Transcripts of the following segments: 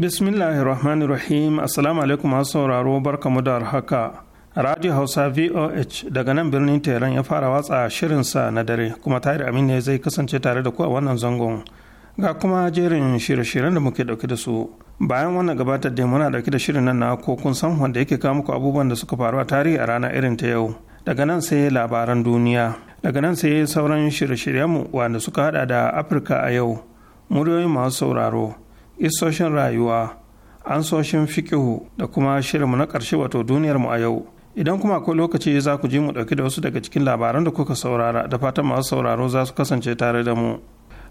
Bismillahirrahmanirrahim Assalamu alaikum masu sauraro mu da haka. Radio Hausa VOH daga nan birnin Teran ya fara watsa shirinsa na dare kuma Tahir Amin ne zai kasance tare da ku a wannan zangon. Ga kuma jerin shirye-shiryen da muke dauke da su. Bayan wannan gabatar da muna dauke da shirin nan na ko kun san wanda yake kawo muku abubuwan da suka faru a tarihi a rana irin ta yau. Daga nan sai labaran duniya. Daga nan sai sauran shirye-shiryenmu wanda suka hada da Afirka a yau. Muryoyin masu sauraro. isoshin rayuwa an soshin fikihu da kuma shirinmu na ƙarshe wato duniyarmu a yau idan kuma akwai lokaci za ku ji mu ɗauki da wasu daga cikin labaran da kuka saurara da fatan masu sauraro za su kasance tare da mu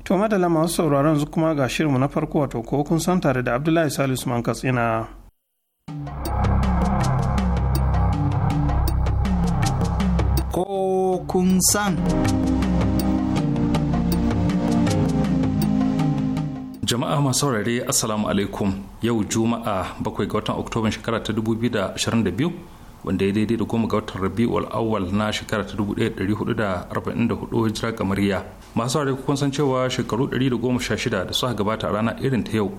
to madala masu sauraron yanzu kuma ga shirinmu na farko wato ko kun san tare da abdullahi salisu man katsina ko kun san jama'a masu saurare assalamu alaikum yau juma'a bakwai ga watan oktoban shekara ta 2022 wanda ya daidai da goma ga watan rabi'ul awwal na shekara ta 1444 hijira kamariya masu saurare kun san cewa shekaru 116 da suka gabata a rana irin ta yau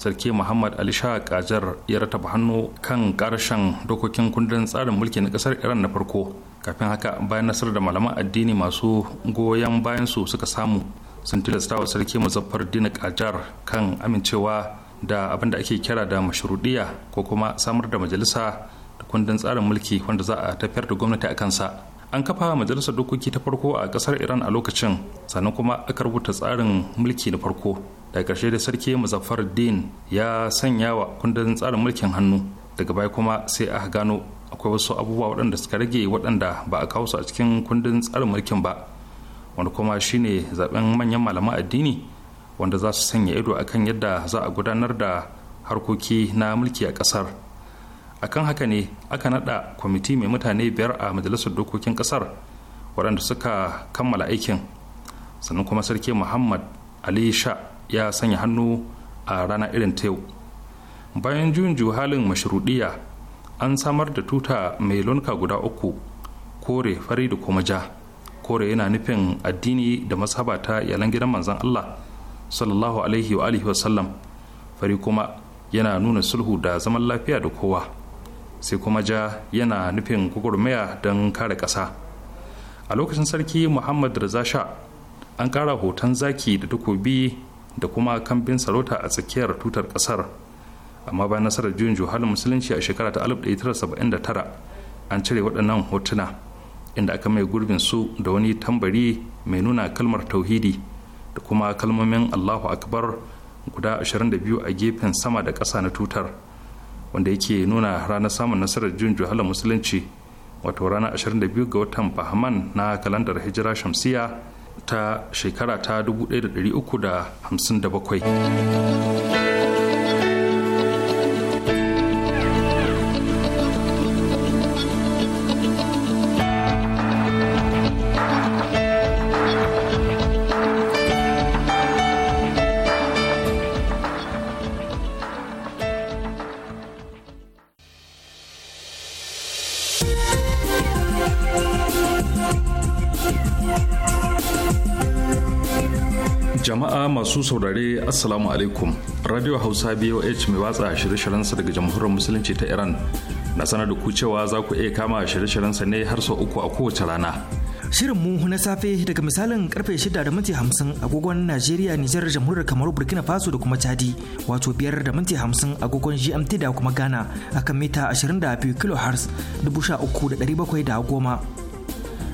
sarki muhammad ali shah kajar ya rataba hannu kan karshen dokokin kundin tsarin mulki na kasar iran na farko kafin haka bayan nasarar da malaman addini masu goyon bayan su suka samu sun tilasta wa sarki muzaffar dina kajar kan amincewa da abin da ake kira da mashruɗiya ko kuma samar da majalisa da kundin tsarin mulki wanda za a tafiyar da gwamnati a kansa an kafa majalisar dokoki ta farko a kasar iran a lokacin sannan kuma aka rubuta tsarin mulki na farko daga ƙarshe da sarki muzaffar din ya sanya wa kundin tsarin mulkin hannu daga baya kuma sai aka gano akwai wasu abubuwa waɗanda suka rage waɗanda ba a kawo su a cikin kundin tsarin mulkin ba wanda kuma shine zaben manyan malaman addini wanda za su sanya ido akan yadda za a gudanar da harkoki na mulki a kasar akan haka ne aka nada kwamiti mai mutane biyar a majalisar dokokin kasar waɗanda suka kammala aikin sannan kuma sarki muhammad ali sha ya sanya hannu a rana irin ta yau bayan juyin halin mashruɗiya an samar da tuta mai lunka guda uku kore fari da kuma ja kore yana nufin addini da mazhaba ta yalan gidan manzon Allah sallallahu alaihi wa alihi wasallam fari kuma yana nuna sulhu da zaman lafiya da kowa sai kuma ja yana nufin gugurmaya don kare ƙasa a lokacin sarki muhammad Raza an kara hoton zaki da takobi da kuma kambin sarauta a tsakiyar tutar ƙasar amma bayan nasarar juyin juhalin musulunci a shekara ta 1979 an cire waɗannan hotuna inda aka mai gurbin su da wani tambari mai nuna kalmar tauhidi da kuma kalmomin allahu akbar guda 22 a gefen sama da ƙasa na tutar wanda yake nuna ranar samun nasarar jin juhalar musulunci wato ranar 22 ga watan bahman na kalandar hijira shamsiya ta shekara ta 1357 masu saurare assalamu alaikum radio hausa boh mai watsa shirye-shiryen sa daga jamhuriyar musulunci ta iran na sanar da ku cewa za ku iya kama shirye-shiryen sa ne har sau uku a kowace rana shirin mu na safe daga misalin karfe shida da minti hamsin agogon najeriya nijar jamhuriyar kamaru burkina faso da kuma chadi wato biyar da minti hamsin agogon gmt da kuma ghana akan mita ashirin da 22 kilohertz goma.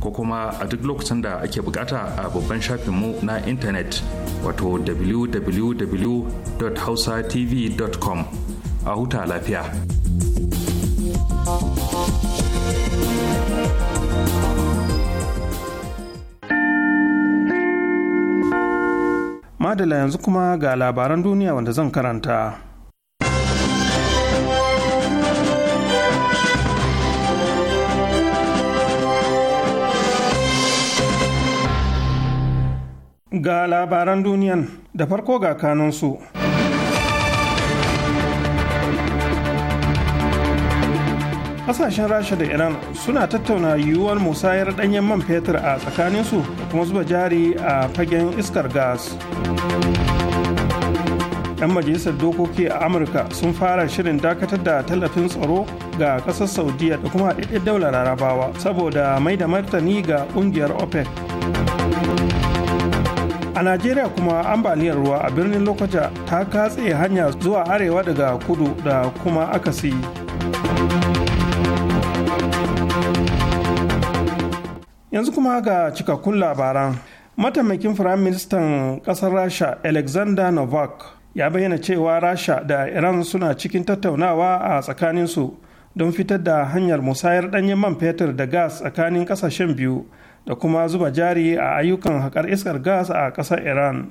ko kuma a duk lokacin da ake bukata a babban shafinmu na intanet wato www.hausatv.com a huta lafiya. Madala yanzu kuma ga labaran duniya wanda zan karanta. Ga labaran duniyan da farko ga kanunsu. Ƙasashen Rasha da Iran suna tattauna yiwuwar musayar ɗanyen man fetur a tsakaninsu da kuma zuba jari a fagen iskar gas. 'yan majalisar dokoki a amurka sun fara shirin dakatar da tallafin tsaro ga kasar saudiya da kuma haɗaɗɗen daular larabawa saboda mai da martani ga ƙungiyar opec a najeriya kuma ambaliyar ruwa a birnin lokaca ta katse hanya zuwa arewa daga kudu da kuma akasi yanzu kuma ga cikakkun labaran mataimakin firayim ministan kasar rasha alexander novak ya bayyana cewa rasha da iran suna cikin tattaunawa a tsakaninsu don fitar da hanyar musayar danyen man fetur da gas tsakanin kasashen biyu da kuma zuba jari a ayyukan haƙar iskar gas a ƙasar iran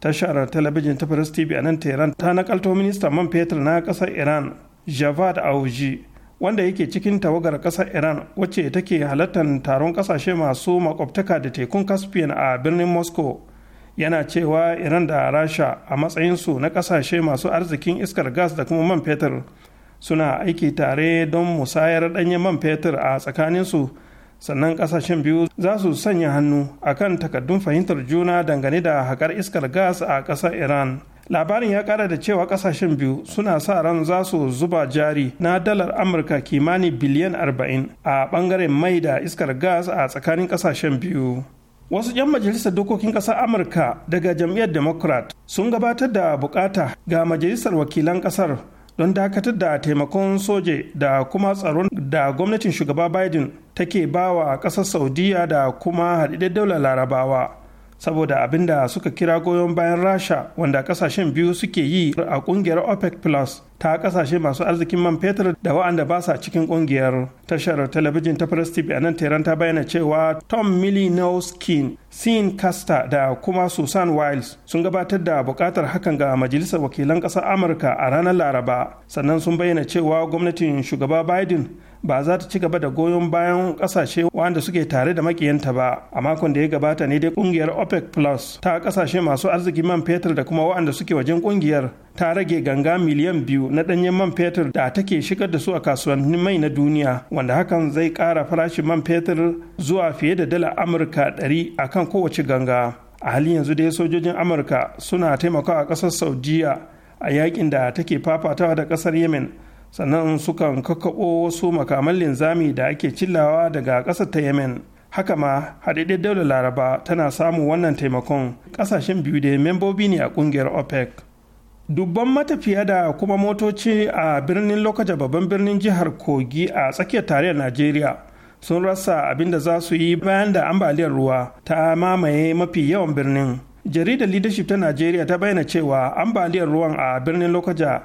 tashar talabijin ta press tv a nan tehran ta nakalto ministan man fetur na ƙasar iran javad auji wanda yake cikin tawagar ƙasar iran wacce take halartar taron ƙasashe masu makwabtaka da tekun caspian a birnin moscow yana cewa iran da rasha a matsayinsu na ƙasashe masu arzikin iskar gas da kuma man fetur suna aiki tare don musayar ɗanyen man fetur a tsakaninsu sannan kasashen biyu za su sanya hannu a kan takaddun fahimtar juna dangane da haƙar iskar gas a ƙasar iran labarin ya ƙara da cewa ƙasashen biyu suna sa ran za su zuba jari na dalar amurka kimanin biliyan 40 a ɓangaren mai da iskar gas a tsakanin ƙasashen biyu wasu 'yan majalisar dokokin ƙasar amurka daga jam'iyyar democrat sun gabatar da bukata ga majalisar wakilan ƙasar don dakatar da taimakon soje da kuma tsaron da gwamnatin shugaba biden take bawa a ƙasar saudiya da kuma hadidai daular larabawa saboda abinda suka kira goyon bayan rasha wanda kasashen biyu suke yi a kungiyar opec plus ta kasashe masu arzikin man fetur da wa'anda ba sa cikin kungiyar tashar talabijin ta press tv a nan teran ta bayyana cewa tom milinowskin sin casta da kuma susan wiles sun gabatar da bukatar hakan ga majalisar wakilan ƙasar amurka a ranar laraba sannan sun bayyana cewa gwamnatin shugaba biden ba za ta ci gaba da goyon bayan kasashe wanda suke tare da makiyanta ba a makon da ya gabata ne dai kungiyar opec plus ta kasashe masu arziki man fetur da kuma waɗanda suke wajen kungiyar ta rage ganga miliyan biyu na ɗanyen man fetur da take shigar da su a kasuwannin mai na duniya wanda hakan zai ƙara farashin man fetur zuwa fiye da dala amurka ɗari a kan kowace ganga a halin yanzu dai sojojin amurka suna taimakawa ƙasar saudiya a yakin da take fafatawa da ƙasar yemen sannan sukan kakkaɓo wasu makaman linzami da ake cillawa daga ƙasa ta yemen haka ma haɗaɗɗen daular laraba tana samun wannan taimakon ƙasashen biyu da membobi ne a ƙungiyar opec dubban matafiya da kuma motoci a birnin lokaja babban birnin jihar kogi a tsakiyar tarayyar najeriya sun rasa abinda za su yi bayan da ambaliyar ruwa ta mamaye mafi yawan birnin jaridar leadership ta najeriya ta bayyana cewa ambaliyar ruwan a birnin lokaja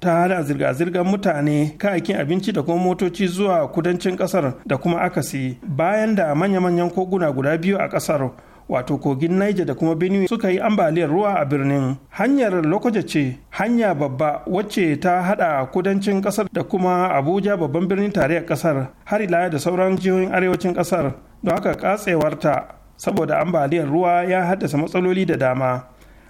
ta hada zirga-zirgar mutane kayakin abinci da kuma motoci zuwa kudancin kasar da kuma akasi bayan da manya-manyan koguna guda biyu a kasar wato kogin Niger da kuma Benue suka yi ambaliyar ruwa a birnin. Hanyar Lokoja ce hanya babba wacce ta hada kudancin kasar da kuma Abuja babban birnin tarayyar kasar har ila da sauran jihohin arewacin kasar don haka katsewarta saboda ambaliyar ruwa ya haddasa matsaloli da dama.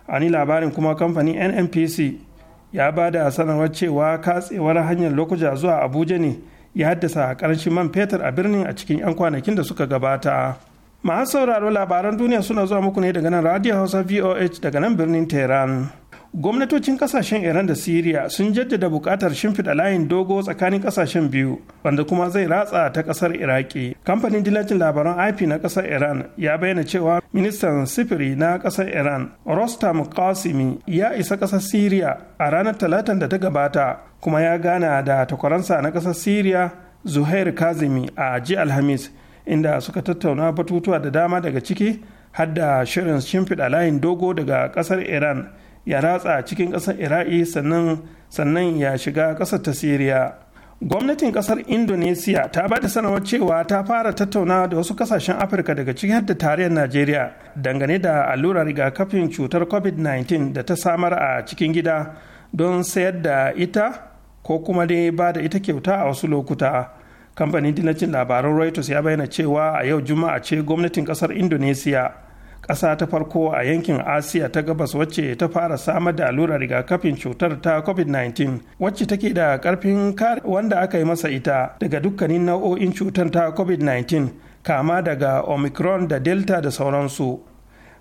Ani labarin kuma kamfanin NNPC ya ba da sanarwar cewa katsewar hanyar lokuta zuwa abuja ne ya haddasa karashin man fetur a birnin a cikin 'yan kwanakin da suka gabata masu sauraro labaran duniya suna zuwa muku ne daga nan radio hausa voh daga nan birnin tehran gwamnatocin kasashen iran da syria sun jaddada bukatar shimfiɗa layin dogo tsakanin kasashen biyu wanda kuma zai ratsa ta kasar iraki kamfanin dillacin labaran ip na kasar iran ya bayyana cewa ministan sifiri na kasar iran rostam kasimi ya isa kasar syria a ranar talatin da ta gabata kuma ya gana da takwaransa na kasar syria zuhair kazimi a ji alhamis inda suka tattauna batutuwa da dama daga ciki har da shirin shimfiɗa layin dogo daga kasar iran ya ratsa cikin ƙasar iraki sannan ya shiga ƙasar ta siriya gwamnatin ƙasar indonesiya ta ba da sanarwar cewa ta fara tattaunawa da wasu kasashen afirka daga cikin da tarayyar najeriya dangane da allurar rigakafin cutar covid-19 da ta samar a cikin gida don sayar da ita ko kuma dai ba da ita kyauta a wasu lokuta kamfanin dinacin labaran reuters ya bayyana cewa a yau juma'a ce gwamnatin ƙasar indonesiya ƙasa ta farko a yankin asiya ta gabas wacce ta fara samar da allurar rigakafin cutar ta covid-19 wacce take da ƙarfin kare wanda aka yi masa ita daga dukkanin nau'o'in cutar ta covid-19 kama daga omicron da delta da sauransu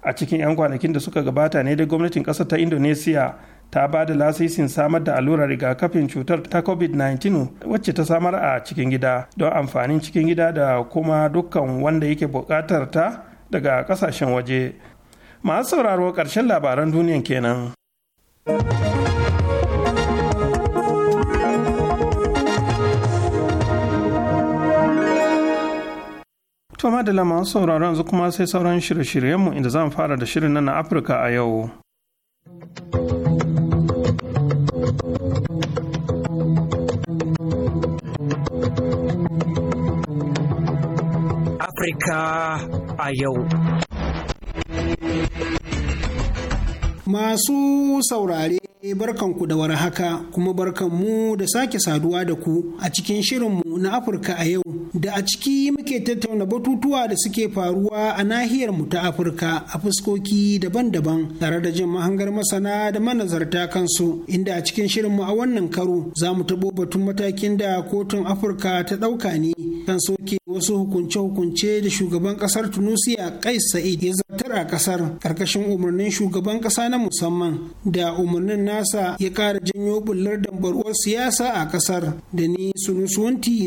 a cikin 'yan kwanakin da suka gabata ne da gwamnatin ƙasar ta indonesia ta ba da lasisin samar da allurar rigakafin cutar ta covid-19 wacce ta samar a cikin gida don amfanin cikin gida da kuma dukkan wanda yake buƙatar ta daga kasashen waje masu sauraro ƙarshen labaran duniyan kenan. To madalla masu sauraron yanzu kuma sai sauran shirye-shiryenmu inda zan fara da shirin nan na Afirka a yau. Afirka a yau. Masu saurare barkanku da warhaka kuma barkanmu da sake saduwa da ku a cikin shirinmu na Afirka a yau da a ciki muke tattauna batutuwa da suke faruwa a nahiyar mu ta Afirka a fuskoki daban-daban tare da jin mahangar masana da manazarta kansu inda a cikin shirin mu a wannan karo za mu tabo batun matakin da kotun Afirka ta ɗauka ne kan soke wasu hukunce-hukunce da shugaban ƙasar Tunusia Kais Sa'id ya zartar a ƙasar ƙarƙashin umarnin shugaban ƙasa na musamman da umarnin nasa ya ƙara janyo bullar dambaruwar siyasa a ƙasar da ni sunusuwanti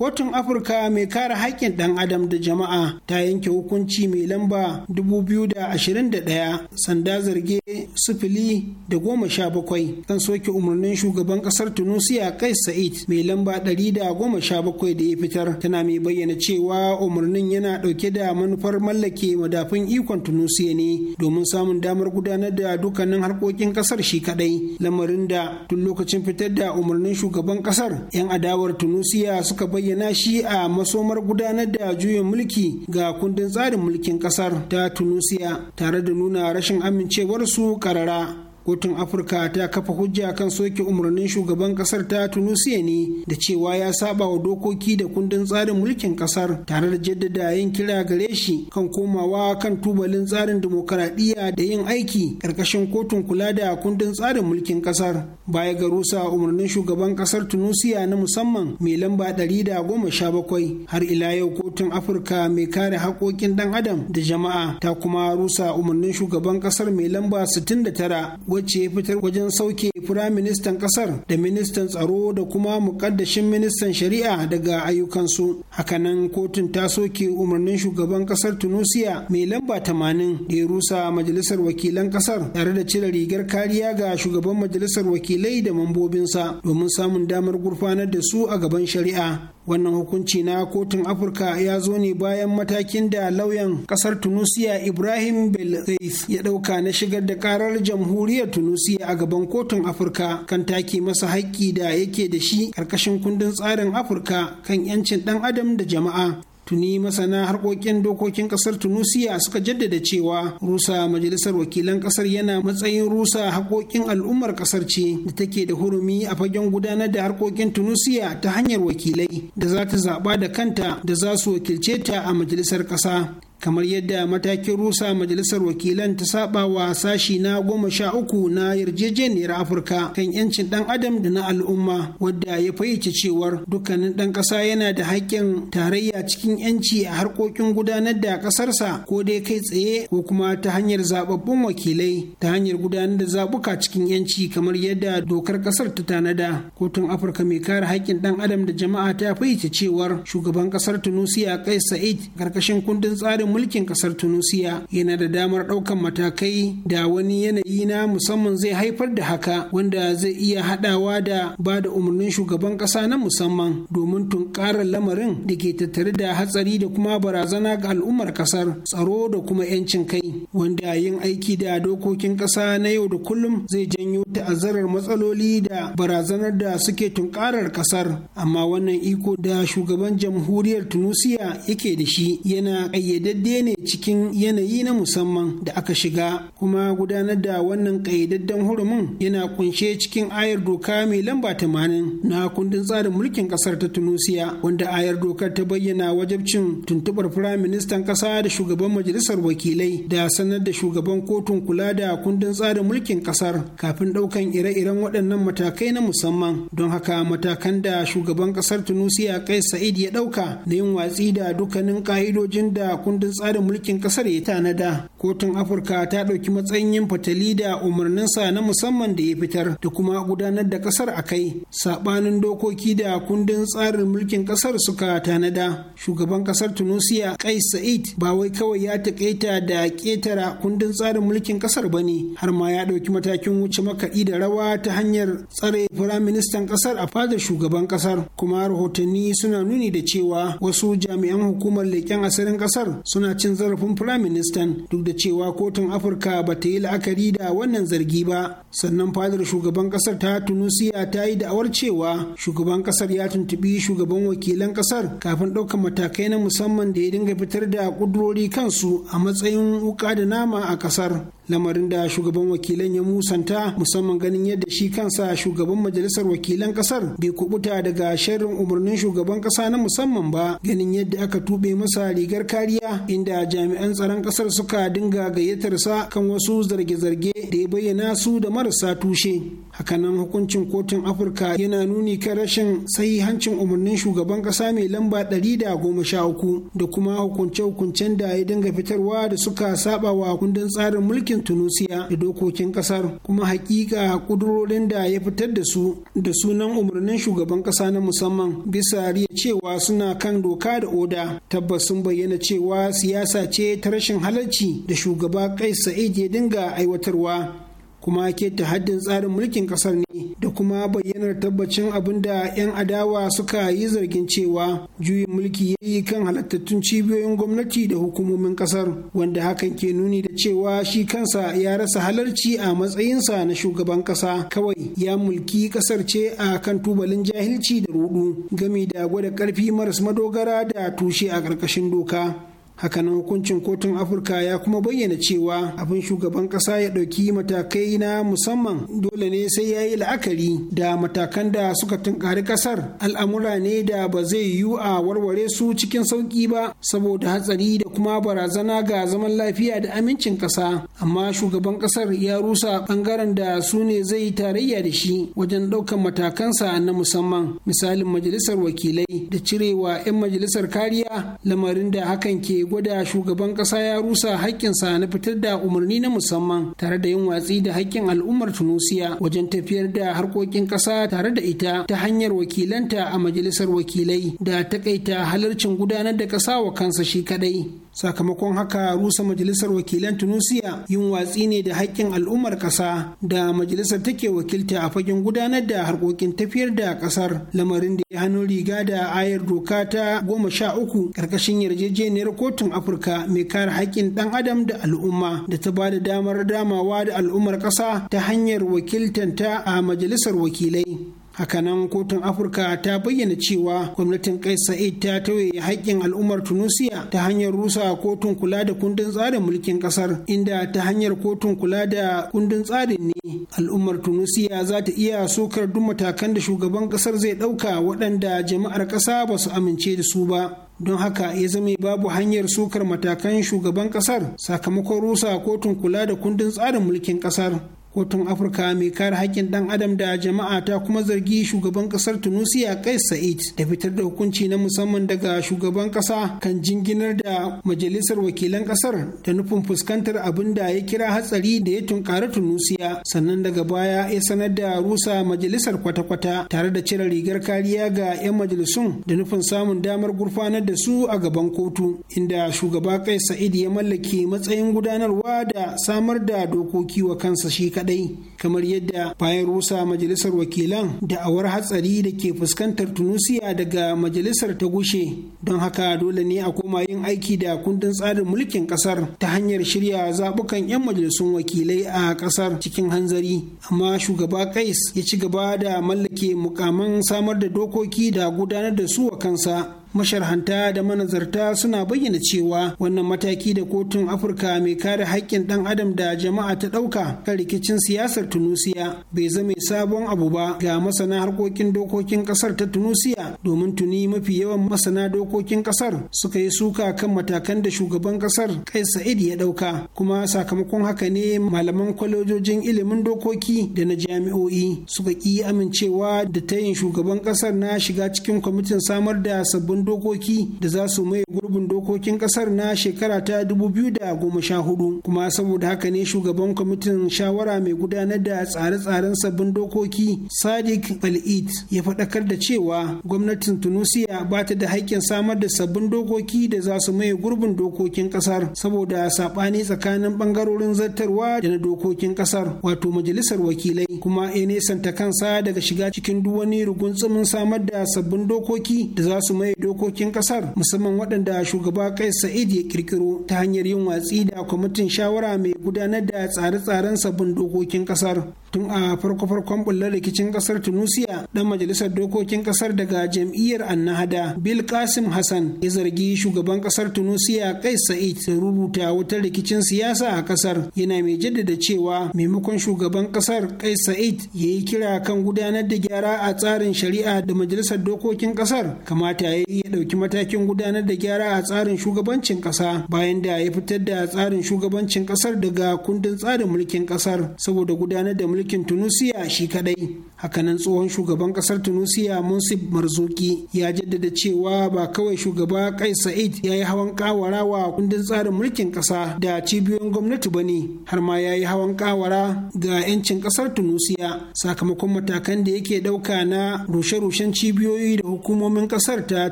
kotun afirka mai kare haƙƙin ɗan adam da jama'a ta yanke hukunci mai lamba 2021 sanda zarge sifili da goma sha bakwai kan soke umarnin shugaban ƙasar tunisia kai sa'id mai lamba ɗari da goma sha bakwai da ya fitar tana mai bayyana cewa umarnin yana ɗauke da manufar mallake madafun ikon tunisia ne domin samun damar gudanar da dukkanin harkokin ƙasar shi kaɗai lamarin da tun lokacin fitar da umarnin shugaban ƙasar 'yan adawar tunisia suka bayyana bayyana shi a masomar gudanar da juyin mulki ga kundin tsarin mulkin kasar ta tunisia tare da nuna rashin amincewar su karara kotun afirka ta kafa hujja kan soke umarnin shugaban kasar ta tunisia ne da cewa ya saba wa dokoki da kundin tsarin mulkin kasar tare da jaddada yin kira gare shi kan komawa kan tubalin tsarin dimokuraɗiyya da yin aiki ƙarƙashin kotun kula da kundin tsarin mulkin kasar baya ga rusa umarnin shugaban kasar tunisia na musamman mai lamba ɗari da goma sha bakwai har ila yau kotun afirka mai kare haƙoƙin ɗan adam da jama'a ta kuma rusa umarnin shugaban kasar mai lamba sittin da tara wacce ya fitar wajen sauke ministan kasar da ministan tsaro da kuma muƙaddashin ministan shari'a daga ayyukansu. Hakanan kotun ta soke umarnin shugaban kasar Tunusiya mai lamba tamanin da ya rusa majalisar wakilan kasar tare da cire rigar kariya ga shugaban majalisar wakilai da mambobinsa domin samun damar gurfanar da su a gaban shari'a. wannan hukunci na kotun afirka ya zo ne bayan matakin da lauyan kasar tunisia ibrahim belzeis ya dauka na shigar da karar jamhuriyar tunisia a gaban kotun afirka kan take masa haƙƙi da yake da shi ƙarƙashin kundin tsarin afirka kan 'yancin ɗan adam da jama'a tuni masana harkokin dokokin kasar tunusiya suka jaddada cewa rusa majalisar wakilan kasar yana matsayin rusa haƙoƙin al'ummar kasar ce da take da hurumi a fagen gudanar da harkokin tunusiya ta hanyar wakilai da za ta zaɓa da kanta da za su wakilce ta a majalisar ƙasa kamar yadda matakin rusa majalisar wakilan ta saba wa sashi na goma sha uku na yarjejeniyar afirka kan yancin dan adam da na al'umma wadda ya fayyace cewar dukkanin dan ƙasa yana da haƙƙin tarayya cikin yanci a harkokin gudanar da ƙasarsa ko dai kai tsaye ko kuma ta hanyar zababbun wakilai ta hanyar gudanar da zabuka cikin yanci kamar yadda dokar ƙasar ta tanada kotun afirka mai kare haƙƙin dan adam da jama'a ta fayyace cewar shugaban ƙasar tunisia kai sa'id karkashin kundin tsarin mulkin kasar tunisia yana da damar ɗaukan matakai da wani yanayi na musamman zai haifar da haka wanda zai iya haɗawa da ba da umarnin shugaban ƙasa na musamman domin tunkarar lamarin da ke tattare da hatsari da kuma barazana ga al'ummar ƙasar tsaro da kuma 'yancin kai wanda yin aiki da dokokin ƙasa na yau da kullum zai janyo ta'azzarar matsaloli da barazanar da suke tunkarar ƙasar amma wannan iko da shugaban jamhuriyar tunisia yake da shi yana ƙayyade ƙayyadadde ne cikin yanayi na musamman da aka shiga kuma gudanar da wannan ƙayyadadden hurumin yana kunshe cikin ayar doka mai lamba tamanin na kundin tsarin mulkin ƙasar ta Tunusiya wanda ayar dokar ta bayyana wajabcin tuntuɓar firaministan ƙasa da shugaban majalisar wakilai da sanar da shugaban kotun kula da kundin tsarin mulkin ƙasar kafin ɗaukan ire-iren waɗannan matakai na musamman don haka matakan da shugaban ƙasar Tunusiya kai Sa'id ya ɗauka na yin watsi da dukkanin ƙa'idojin da kundin kundin tsarin mulkin kasar ya tanada kotun afirka ta ɗauki matsayin yin fatali da umarninsa na musamman da ya fitar da kuma gudanar da kasar a kai saɓanin dokoki da kundin tsarin mulkin kasar suka tanada shugaban kasar tunisia kai sa'id ba wai kawai ya taƙaita da ƙetara kundin tsarin mulkin kasar ba ne har ma ya ɗauki matakin wuce makaɗi da rawa ta hanyar tsare firaministan kasar a fadar shugaban kasar kuma rahotanni suna nuni da cewa wasu jami'an hukumar leƙen asirin kasar sun suna cin zarafin firaministan duk da cewa kotun afirka ba ta yi la'akari da wannan zargi ba sannan fadar shugaban kasar ta tunisia ta yi da'awar cewa shugaban kasar ya tuntubi shugaban wakilan kasar kafin ɗaukar matakai na musamman da ya dinga fitar da ƙudurori kansu a matsayin wuka da nama a kasar lamarin da shugaban wakilan ya musanta musamman ganin yadda shi kansa shugaban majalisar wakilan kasar bai kubuta daga sharrin umarnin shugaban kasa na musamman ba ganin yadda aka tube masa rigar kariya inda jami'an tsaron kasar suka dinga sa kan wasu zarge-zarge da ya bayyana su da marasa tushe hakanan hukuncin kotun afirka yana nuni kan rashin sahihancin umarnin shugaban kasa mai lamba 113 da kuma hukunce-hukuncen da ya dinga fitarwa da suka saba wa kundin tsarin mulkin gwamnatin da dokokin kasar kuma hakika kudurorin da ya fitar da su da sunan umarnin shugaban kasa na musamman bisa riya cewa suna kan doka da oda tabbas sun bayyana cewa siyasa ce ta rashin halarci da shugaba kai sa'id ya dinga aiwatarwa kuma ke ta haddin tsarin mulkin kasar ne da kuma bayyanar tabbacin abin da 'yan adawa suka yi zargin cewa juyin mulki ya yi kan halattattun cibiyoyin gwamnati da hukumomin kasar wanda hakan ke nuni da cewa shi kansa ya rasa halarci a matsayinsa na shugaban kasa kawai ya mulki kasar ce a kan tubalin jahilci da rudu gami da gwada karfi maras madogara da tushe a ƙarƙashin doka hakanan hukuncin kotun afirka ya kuma bayyana cewa abin shugaban kasa ya ɗauki matakai na musamman dole ne sai ya yi la'akari da matakan da suka tunkari kasar al'amura ne da ba zai yiwu a warware su cikin sauƙi ba saboda hatsari da kuma barazana ga zaman lafiya da amincin kasa amma shugaban kasar ya rusa bangaren da su ne zai tarayya da shi wajen ɗaukan matakansa na musamman misalin majalisar wakilai da cirewa 'yan majalisar kariya lamarin da hakan ke gwada shugaban ƙasa ya rusa haƙƙinsa na fitar da umarni na musamman tare da yin watsi da haƙƙin al'ummar Tunusiya wajen tafiyar da harkokin ƙasa tare da ita ta hanyar wakilanta a majalisar wakilai da takaita halarcin gudanar da ƙasa wa kansa shi kadai. sakamakon haka rusa majalisar wakilan tunisia yin watsi ne da haƙƙin al'ummar ƙasa da majalisar take wakilta a fagen gudanar da harkokin tafiyar da ƙasar lamarin da ya hannun riga da ayar doka ta goma sha uku ƙarƙashin yarjejeniyar kotun afirka mai kare haƙƙin ɗan adam da al'umma da ta ba da damar damawa da al'ummar ƙasa ta hanyar wakiltanta a majalisar wakilai hakanan kotun afirka ta bayyana cewa gwamnatin kais sa'id ta tauye haƙƙin al'ummar tunisia ta hanyar rusa kotun kula da kundin tsarin mulkin ƙasar inda ta hanyar kotun kula da kundin tsarin ne al'ummar tunisia za ta iya sokar duk matakan da shugaban ƙasar zai ɗauka waɗanda jama'ar ƙasa ba su amince da su ba don haka ya zama babu hanyar sukar matakan shugaban ƙasar sakamakon rusa kotun kula da kundin tsarin mulkin ƙasar. kotun afirka mai kare haƙƙin ɗan adam da jama'a ta kuma zargi shugaban ƙasar tunisia kai sa'id da fitar da hukunci na musamman daga shugaban ƙasa kan jinginar da majalisar wakilan ƙasar da nufin fuskantar abin da ya kira hatsari da ya tunkari tunisia sannan daga baya ya sanar da rusa majalisar kwata-kwata tare da cire rigar kariya ga 'yan majalisun da nufin samun damar gurfanar da su a gaban kotu inda shugaba kai sa'id ya mallake matsayin gudanarwa da samar da dokoki wa kansa shi kadai kamar yadda bayan rusa majalisar wakilan da'awar hatsari da ke fuskantar tunusiya daga majalisar ta gushe don haka dole ne a koma yin aiki da kundin tsarin mulkin kasar ta hanyar shirya zabukan 'yan majalisun wakilai a kasar cikin hanzari amma shugaba kais ya ci gaba da mallake mukaman samar da dokoki da gudanar da su wa kansa masharhanta da manazarta suna bayyana cewa wannan mataki da kotun afirka mai kare haƙƙin ɗan adam da jama'a ta ɗauka kan rikicin siyasar tunusiya bai zama sabon abu ba ga masana harkokin dokokin ƙasar ta tunusiya domin tuni mafi yawan masana dokokin ƙasar suka yi suka kan matakan da shugaban ƙasar kai sa'id ya ɗauka kuma sakamakon haka ne malaman kwalejojin ilimin dokoki da na jami'o'i suka ƙi amincewa da tayin shugaban ƙasar na shiga cikin kwamitin samar da sabbin sabbin dokoki da za su maye gurbin dokokin kasar na shekara ta 2014 kuma saboda haka ne shugaban kwamitin shawara mai gudanar da tsare-tsaren sabbin dokoki sadiq al'id ya faɗakar da cewa gwamnatin tunisia ba ta da haƙƙin samar da sabbin dokoki da za su maye gurbin dokokin kasar saboda saɓani tsakanin ɓangarorin zartarwa da na dokokin kasar wato majalisar wakilai kuma ya nesanta kansa daga shiga cikin duk wani rugun tsumin samar da sabbin dokoki da za su maye dokokin kasar musamman waɗanda shugaba kai sa'id ya kirkiro ta hanyar yin watsi da kwamitin shawara mai gudanar da tsare-tsaren sabbin dokokin kasar tun a farko-farkon bullar rikicin kasar tunisia dan majalisar dokokin kasar daga jam'iyyar annahada bil kasim hassan ya zargi shugaban kasar tunisia kai sa'id da rubuta wutar rikicin siyasa a kasar yana mai jaddada cewa maimakon shugaban kasar kai sa'id ya yi kira kan gudanar da gyara a tsarin shari'a da majalisar dokokin kasar kamata ya yi ya ɗauki matakin gudanar da gyara a tsarin shugabancin ƙasa bayan da ya fitar da tsarin shugabancin ƙasar daga kundin tsarin mulkin ƙasar saboda gudanar da mulkin Tunusiya shi kaɗai. hakanan tsohon shugaban kasar tunisia munsif marzuki ya jaddada cewa ba kawai shugaba kai sa'id ya yi hawan kawara wa kundin tsarin mulkin kasa da cibiyoyin gwamnati ba ne har ma ya yi hawan kawara ga 'yancin kasar tunisia sakamakon matakan da yake dauka na rushe-rushen cibiyoyi da hukumomin kasar ta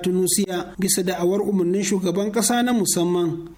tunisia bisa da'awar umarnin shugaban kasa na musamman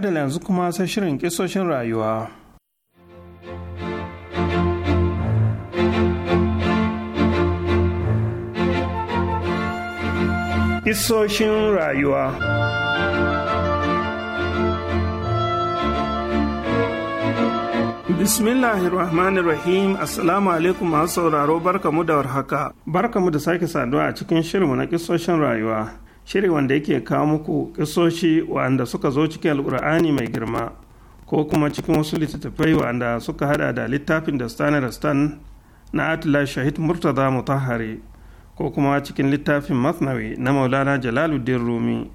da yanzu kuma sai shirin kisoshin rayuwa. Kisoshin rayuwa Bismillahirrahmanirrahim Assalamu alaikum masu sauraro barkamu da warhaka barkamu da sake saduwa a cikin shirinmu na kisoshin rayuwa. shiri wanda yake kawo muku kisoshi wanda suka zo cikin alkur'ani mai girma ko kuma cikin wasu littattafai wanda suka hada da littafin da stan stan na atla shahid murtaza mutahari ko kuma cikin littafin masnawi na maulana jalaluddin rumi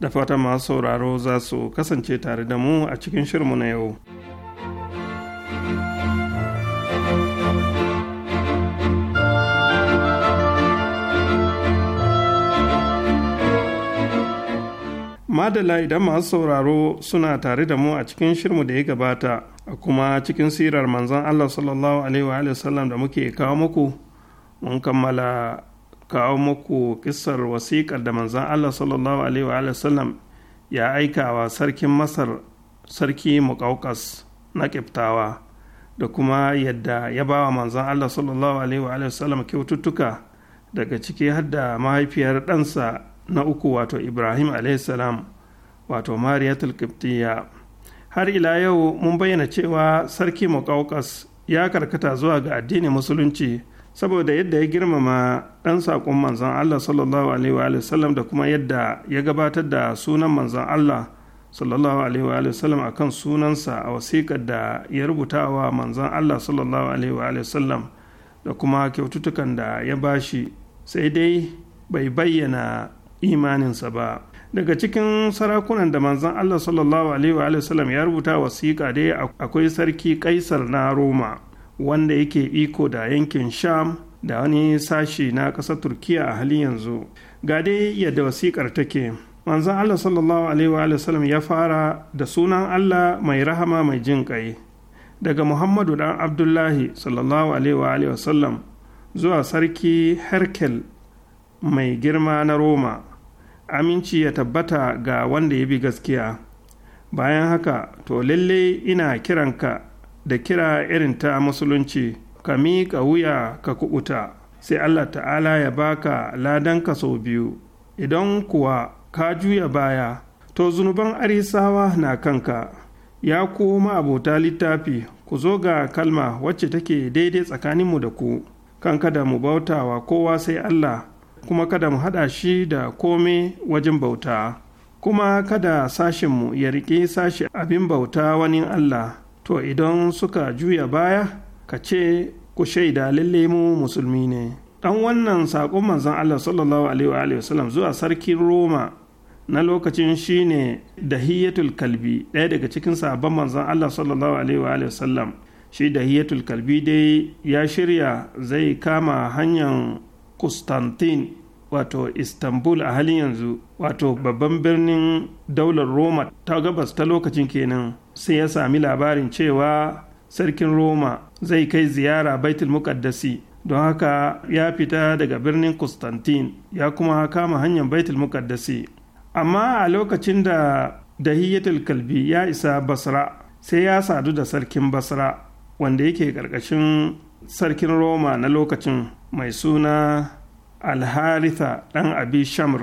da fata masu sauraro za su kasance tare da mu a cikin shirmu na yau. madala idan masu sauraro suna tare da mu a cikin shirmu da ya gabata a kuma cikin sirar manzon allah sallallahu alaihi wa sallam da muke kawo muku mun kammala kawo muku kisar wasiƙar da manzon allah sallallahu alaihi wa sallam ya aika wa sarkin masar sarki muƙauƙas na ƙiftawa da kuma yadda ya ba wa manzon allah sallallahu alaihi wa sallam kyaututtuka daga ciki har mahaifiyar ɗansa na uku wato ibrahim salam wato mariyatul kiptiya har ila yau mun bayyana cewa sarki mukaukas ya karkata zuwa ga addinin musulunci saboda yadda ya girmama ɗan saƙon manzon allah sallallahu alaihi wa sallam da kuma yadda ya gabatar da sunan manzon allah sallallahu alaihi wa sallam a kan sunansa a wasiƙar da ya rubuta wa manzon allah sallallahu alaihi wa sallam da kuma kyaututtukan da ya bashi sai dai bai bayyana imaninsa ba daga cikin sarakunan da manzon Allah sallallahu alaihi wa ya rubuta wasiƙa dai akwai sarki Kaisar na Roma wanda yake iko da yankin Sham da wani sashi na ƙasar Turkiya a halin yanzu ga dai yadda wasiƙar take manzon Allah sallallahu alaihi wa ya fara da sunan Allah mai rahama mai jin ƙai daga Muhammadu dan Abdullahi sallallahu alaihi wa zuwa sarki Herkel mai girma na Roma aminci ya tabbata ga wanda ya bi gaskiya bayan haka to lalle ina kiranka da kira irin ta musulunci ka miƙa wuya ka kubuta sai allah ta'ala ya baka ladanka sau biyu idan kuwa ka juya baya to zunuban arisawa na kanka ya koma abota littafi ku zo ga kalma wacce take daidai tsakaninmu da ku kanka da mu bautawa kowa sai allah kuma kada mu haɗa shi da kome wajen bauta kuma kada sashenmu ya riƙe sashi abin bauta wani Allah to idan suka juya baya ka ce ku shaida lalle mu musulmi ne Ɗan wannan saƙon manzan Allah sallallahu alaihi wasallam zuwa sarkin Roma na lokacin shi ne da dahiyatul kalbi ɗaya daga cikin sabon manzan Allah sallallahu alaihi wasallam shi hiyatul kalbi dai ya shirya zai kama hanyar Constantine wato Istanbul a halin yanzu wato babban birnin daular Roma ta gabas ta lokacin kenan sai ya sami labarin cewa sarkin Roma zai kai ziyara Baitul Muqaddasi don haka ya fita daga birnin Constantine ya kuma kama hanyar Baitul Muqaddasi amma a lokacin da Dahiyatul Kalbi ya isa Basra sai ya sadu da sarkin Basra wanda yake ƙarƙashin sarkin Roma na lokacin mai suna alharitha ɗan abi shamr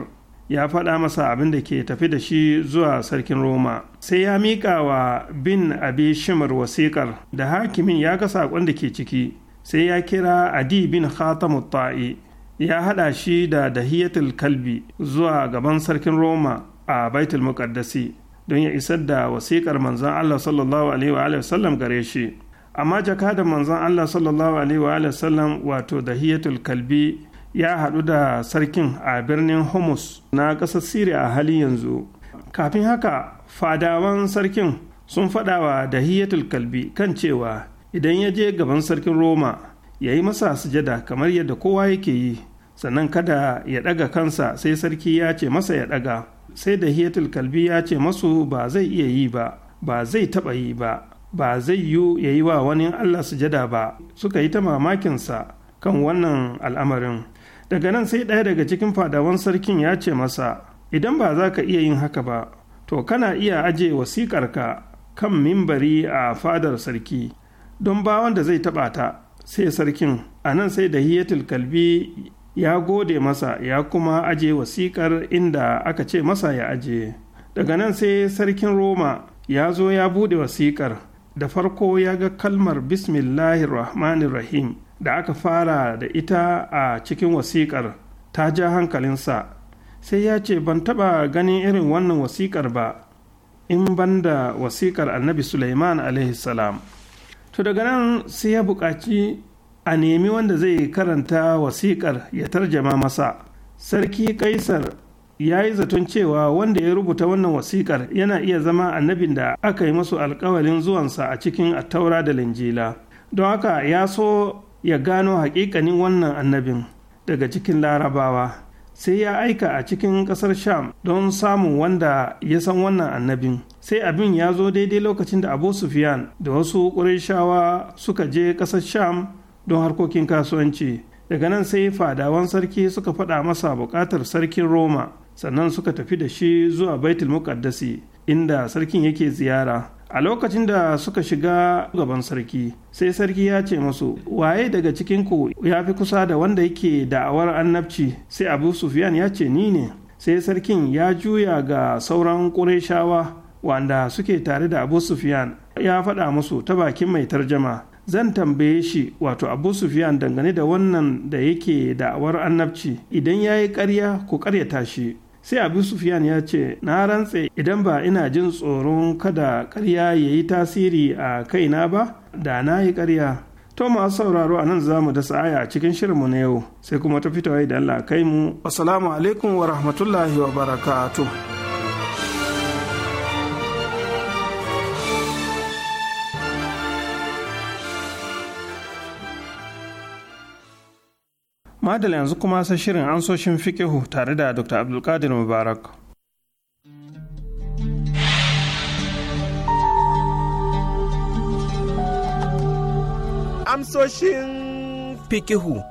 ya faɗa masa abin da ke tafi da shi zuwa sarkin roma sai ya miƙa wa bin abi shamr wasiƙar da hakimin ya ga saƙon da ke ciki sai ya kira adi bin khatamu ta'i ya haɗa shi da dahiyatul kalbi zuwa gaban sarkin roma a baitul muƙaddasi don ya isar da wasiƙar manzon allah sallallahu alaihi wa sallam gare shi amma jaka da manzon Allah sallallahu alaihi wa sallam wato dahiyatul kalbi ya haɗu da sarkin a birnin Homus na ƙasar Siriya a hali yanzu kafin haka fadawan sarkin sun faɗawa dahiyatul kalbi kan cewa idan ya je gaban sarkin Roma ya yi masa sujada kamar yadda kowa yake yi sannan kada ya ɗaga kansa sai sarki ya ce masa ya ɗaga sai da hiyatul kalbi ya ce masu ba zai iya yi ba ba zai taɓa yi ba ba zai yiwu ya yi wa wani Allah sujada ba suka yi ta mamakinsa kan wannan al'amarin daga nan sai ɗaya daga cikin fadawan sarkin ya ce masa idan ba za ka iya yin haka ba to kana iya aje wasiƙarka kan mimbari a fadar sarki don ba wanda zai taɓa ta sai sarkin a nan sai da hiyatul kalbi ya gode masa ya kuma aje wasiƙar inda aka ce masa ya aje daga nan sai sarkin roma ya zo ya buɗe wasiƙar da farko ya ga kalmar bismillahirrahmanirrahim da aka fara da ita a cikin wasiƙar ta ja hankalinsa sai ya ce ban taɓa ganin irin wannan wasiƙar ba in banda wasiƙar annabi suleiman salam to daga nan sai ya buƙaci a nemi wanda zai karanta wasiƙar ya tarjama masa sarki kaisar ya yi zaton cewa wanda ya rubuta wannan wasiƙar yana iya zama annabin da aka yi masu alkawalin zuwansa a cikin attaura da linjila don haka ya so ya gano hakikanin wannan annabin daga cikin larabawa sai ya aika a cikin ƙasar sham don samun wanda ya san wannan annabin sai abin ya zo daidai lokacin da abu sufyan da wasu ƙurashawa suka je ƙasar sham don harkokin kasuwanci daga nan sai fadawan sarki suka faɗa masa buƙatar sarkin roma sannan suka tafi da shi zuwa baitul muqaddasi inda sarkin yake ziyara a lokacin da suka shiga gaban sarki sai sarki ya ce musu waye daga cikinku ya fi kusa da wanda yake da'awar annabci sai abu sufyan ya ce ni ne sai sarkin ya juya ga sauran ƙureshawa wanda suke tare da abu Sufiyan ya faɗa musu ta bakin mai tarjama zan tambaye shi wato abu Sufiyan dangane da wannan da yake da'awar annabci idan ya yi ƙarya ku ƙaryata shi sai abu Sufiyan ya ce na rantse idan ba ina jin tsoron kada karya ya yi tasiri a kaina ba da na yi karya. to masu sauraro a nan za mu da sa'aya a cikin shirinmu na yau sai kuma ta fitowa da allah kai mu assalamu alaikum wa rahmatullahi wa barakatuh amma da yanzu kuma sa shirin ansoshin fikihu tare da dr abdulkadir mubarak amsoshin fikihu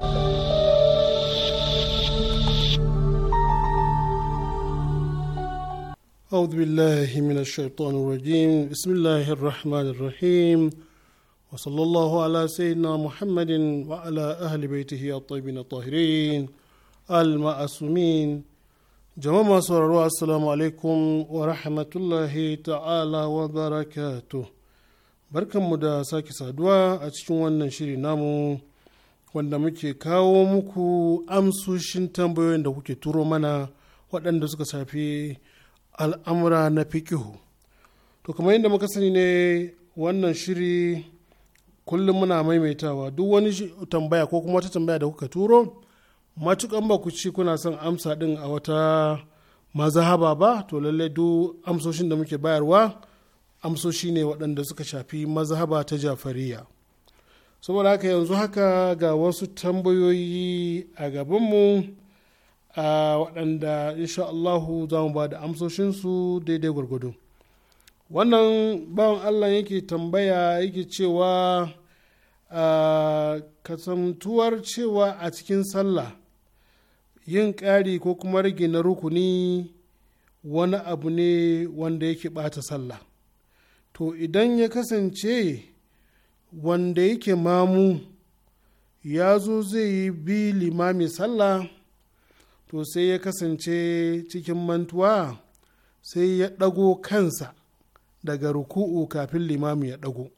أعوذ بالله من الشيطان الرجيم بسم الله الرحمن الرحيم وصلى الله على سيدنا محمد وعلى أهل بيته الطيبين الطاهرين المعصومين جماعة الله السلام عليكم ورحمة الله تعالى وبركاته mu da sake saduwa a cikin wannan shiri namu wanda muke kawo muku amsoshin tambayoyin da kuke turo mana waɗanda suka safi al'amura na fikihu to kamar yadda muka sani ne wannan shiri kullum muna maimaitawa duk wani tambaya ko kuma wata tambaya da kuka turo matukan ba ku ci kuna son amsa din a wata mazahaba ba to lalle duk amsoshin da muke bayarwa amsoshi ne waɗanda suka shafi mazahaba ta jafariya saboda haka yanzu haka ga wasu tambayoyi a gabanmu a waɗanda insha Allahu za mu ba da amsoshinsu daidai gwargwado wannan bawan Allah yake tambaya yake cewa kasantuwar cewa a cikin sallah yin ƙari ko kuma rage na rukuni wani abu ne wanda yake ɓata sallah to idan ya kasance wanda yake mamu ya zo zai yi bi limami sallah to sai ya kasance cikin mantuwa sai ya ɗago kansa daga ruku'u kafin limami ya ɗago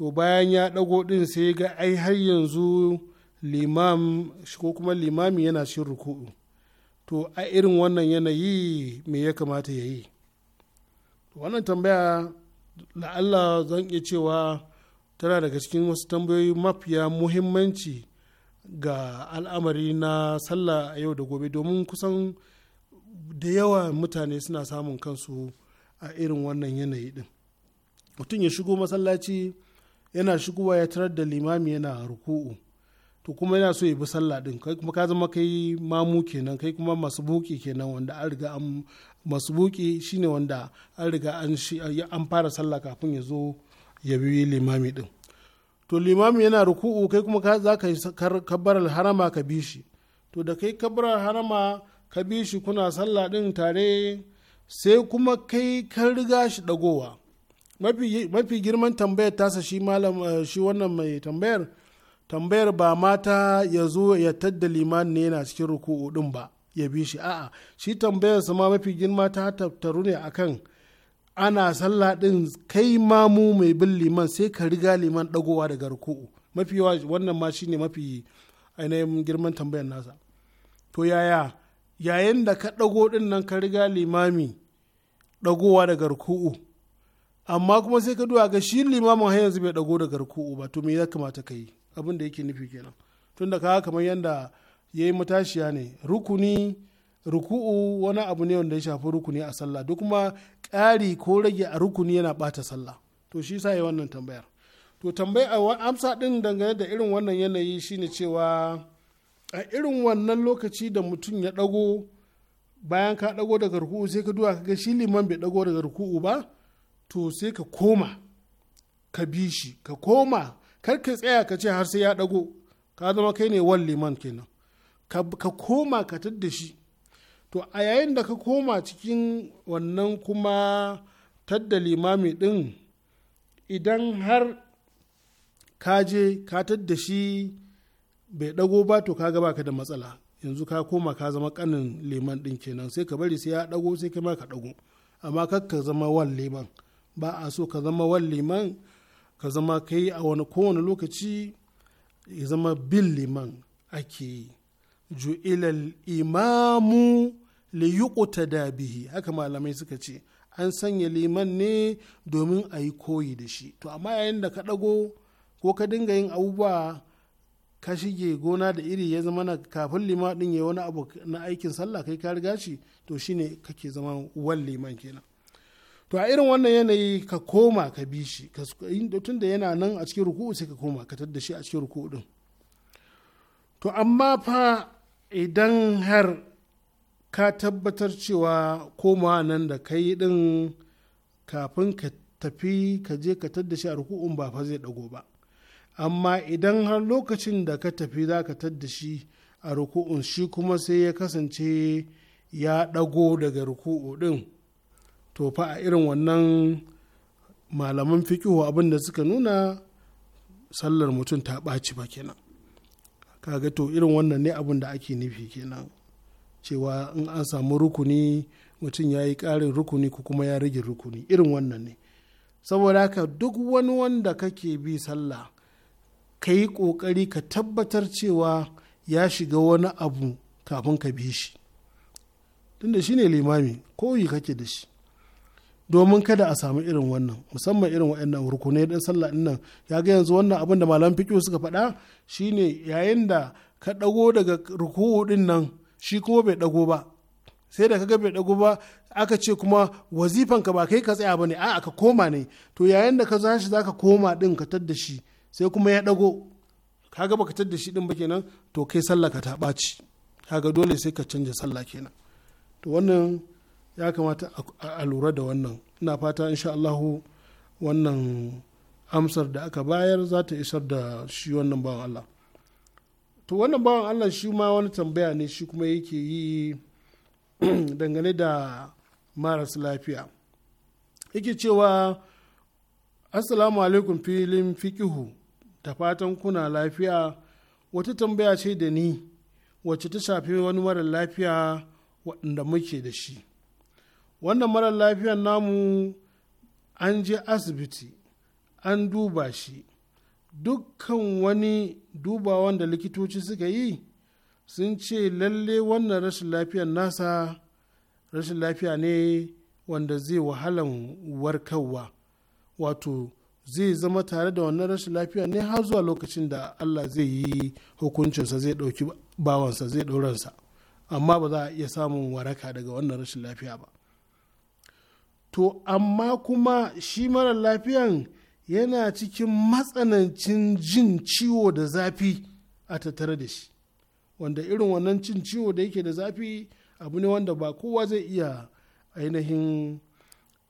to bayan ya ɗago ɗin sai ga ai har yanzu limam ko kuma limami yana cin ruku'u to a irin wannan yanayi me ya kamata ya yi wannan tambaya la'alla zan iya cewa tana daga cikin wasu tambayoyi mafiya muhimmanci ga al'amari na sallah a yau da gobe domin kusan da yawa mutane suna samun kansu a irin wannan yanayi din mutum ya shigo masallaci yana shigowa ya tarar da limami yana ruku'u to kuma yana so ya bi sallah din kai kuma ka zama kai mamu kenan kai kuma masubuki kenan wanda an riga an masubuki shine wanda an riga an an fara sallah kafin ya zo ya bi limami din to limami yana ruku'u kai kuma ka za ka yi kabbarar harama ka bi shi to da kai kabbar harama ka bi shi kuna sallah din tare sai kuma kai ka riga shi dagowa mafi girman tambayar tasa shi malam eh, shi wannan mai tambayar tambayar ba mata ya zo ya tadda liman ne yana cikin ruku'u din ba ya bi shi a'a shi tambayar ma mafi girma ta tattaru ne akan ana sallah din kai mamu mai bin liman sai ka riga liman dagowa daga ruku'u mafi wannan ma shine mafi ainihin girman tambayar nasa to yaya yayin da ka dago din nan ka riga limami dagowa daga ruku'u amma kuma sai ka duwa ga shi limamin har yanzu bai dago daga ruku'u ba to me ya kamata ka yi abin da yake nufi kenan tunda ka kamar yadda ya yi matashiya ne rukuni ruku'u wani abu ne wanda ya shafi rukuni a sallah duk kuma ƙari ko rage a rukuni yana bata sallah to shi sa ya wannan tambayar to tambaya amsa din dangane da irin wannan yanayi shine cewa a irin wannan lokaci da mutum ya dago bayan ka ɗago daga ruku'u sai ka duwa ka ga shi liman bai dago daga ruku'u ba to sai ka koma ka bi shi ka koma kar ka tsaya ka ce har sai ya dago ka zama kai ne wan liman kenan ka koma ka tadda shi to a yayin da ka koma cikin wannan kuma tadda limami din idan har ka je ka tadda shi bai dago ba to ka gaba ka da matsala yanzu ka koma ka zama kanin liman din kenan sai ka bari sai ya dago sai kai ma ka dago amma kar zama wan liman ba a so ka zama wan liman ka zama kai a wani kowane lokaci ya zama bin liman ake yi ju'ilal imamu li da bihi haka malamai suka ce an sanya liman ne domin a yi koyi da shi to amma yayin da ka ɗago ko ka dinga yin abubuwa ka shige gona da iri ya zama na kafin liman ɗin ya wani abu na aikin sallah kai ka riga shi to shine kake zama wan liman kenan to a irin wannan yanayi ka koma ka bi shi tun da yana nan a cikin ruku'u sai ka koma ka tadda shi a cikin ruku'u din to amma fa idan har ka tabbatar cewa komawa nan da ka yi din kafin ka tafi ka je ka tadda shi a ruku'un ba fa zai dago ba amma idan har lokacin da ka tafi za ka tadda shi a ruku'un shi kuma sai ya kasance ya dago daga ruku'u din to fa a irin wannan malaman fikihu abin da suka nuna sallar mutum ta ɓaci ba kenan kaga to irin wannan ne abin da ake nufi kenan cewa in an samu rukuni mutum ya yi ƙarin rukuni ko kuma ya rage rukuni irin wannan ne saboda haka duk wani wanda kake bi sallah ka yi ƙoƙari ka tabbatar cewa ya shiga wani abu kafin ka bi shi tunda shi ne limami koyi kake da shi domin kada a samu irin wannan musamman irin waɗannan rukunai ɗin sallah ɗin nan ya ga yanzu wannan abin da malam fiƙo suka faɗa shine yayin da ka ɗago daga ruku'u ɗin nan shi kuma bai ɗago ba sai da kaga bai ɗago ba aka ce kuma wazifan ka ba kai ka tsaya bane a'a ka koma ne to yayin da ka zashi zaka koma ɗin ka tadda shi sai kuma ya ɗago kaga baka tadda shi din ba kenan to kai sallah ka ta ɓaci kaga dole sai ka canja sallah kenan to wannan ya kamata a lura da wannan ina fata insha Allahu wannan amsar da aka bayar za ta isar da shi wannan bawan Allah to wannan bawan Allah shi ma wani tambaya ne shi kuma yake yi dangane da maras lafiya yake cewa assalamu alaikum filin fikihu da fatan kuna lafiya wata tambaya ce da ni wacce ta shafi wani mara lafiya waɗanda muke da shi wannan marar lafiyar namu an je asibiti an duba shi dukkan wani dubawan da likitoci suka yi sun ce lalle wannan rashin lafiyar nasa rashin lafiya ne wanda zai wahalan warkarwa wato zai zama tare da wannan rashin lafiya ne har zuwa lokacin da allah zai yi hukuncinsa zai ɗauki bawansa zai ɗauransa amma ba za a iya samun waraka daga wannan rashin lafiya ba to amma kuma shi mara lafiyan yana cikin matsanancin jin ciwo da zafi a tattare da shi wanda irin wannan cin ciwo da yake da zafi abu ne wanda ba kowa zai iya ainihin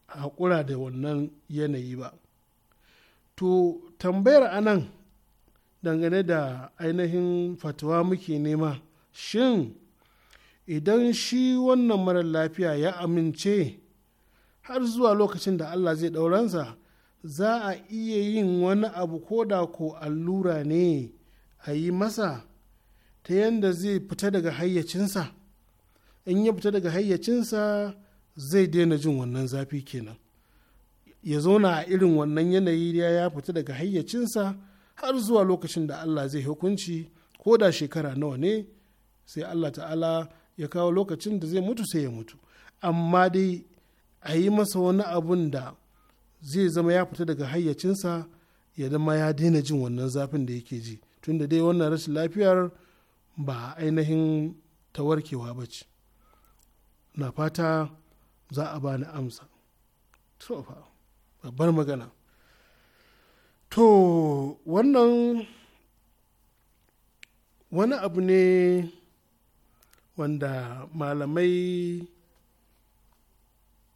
haƙura da wannan yanayi ba to tambayar anan dangane da ainihin fatawa muke nema shin idan shi wannan mara lafiya ya amince har zuwa lokacin da Allah zai ɗauransa za a iya yin wani abu ko da ko allura ne a yi masa ta yadda zai fita daga hayyacinsa in ya fita daga hayyacinsa zai daina jin wannan zafi kenan ya zauna a irin wannan yanayi ya fita daga hayyacinsa har zuwa lokacin da Allah zai hukunci ko da shekara nawa ne sai Allah ta'ala ya kawo lokacin da zai mutu sai ya mutu amma dai a yi masa wani abun da zai zama ya fita daga hayyacinsa ya zama ya daina jin wannan zafin da yake ji tunda dai wannan rashin lafiyar ba ainihin tawarkewa ba ce na fata za a bani amsa babbar magana to wannan wani abu ne wanda malamai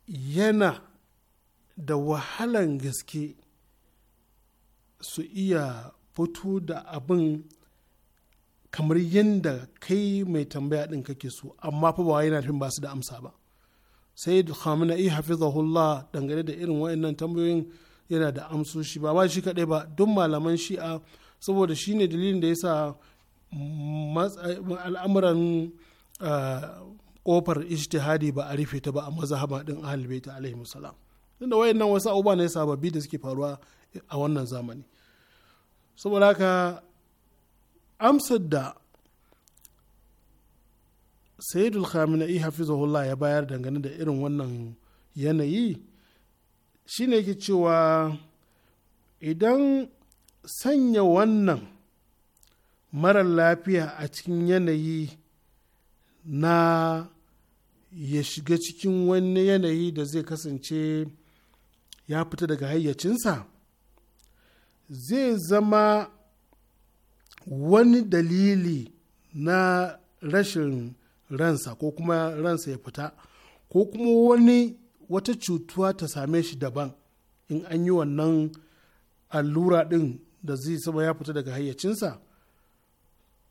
yana da wahalan gaske su iya fito da abin kamar yadda kai mai tambaya ɗin kake so amma fa ba yana fin ba su da amsa ba sai na iya hafizahullah dangane da irin waɗannan tambayoyin yana da amsoshi ba ba shi kaɗai ba duk malaman shi'a saboda shi ne dalilin da ya sa al'amuran ah, kofar ijtihadi ba a rufe ta ba a mazhaba din ahlul bait alaihi salam tunda wayannan wasu abubuwa ne sababbi da suke faruwa a wannan zamani saboda haka amsar da sayyidul khamenei hafizahullah ya bayar dangane da irin wannan yanayi shine yake cewa idan sanya wannan mara lafiya a cikin yanayi na ya shiga cikin wani yanayi da zai kasance ya fita daga hayyacinsa zai zama wani dalili na rashin ransa ko kuma ransa ya fita ko kuma wani wata cutuwa ta same shi daban in an yi wannan allura ɗin da zai saba ya fita daga hayyacinsa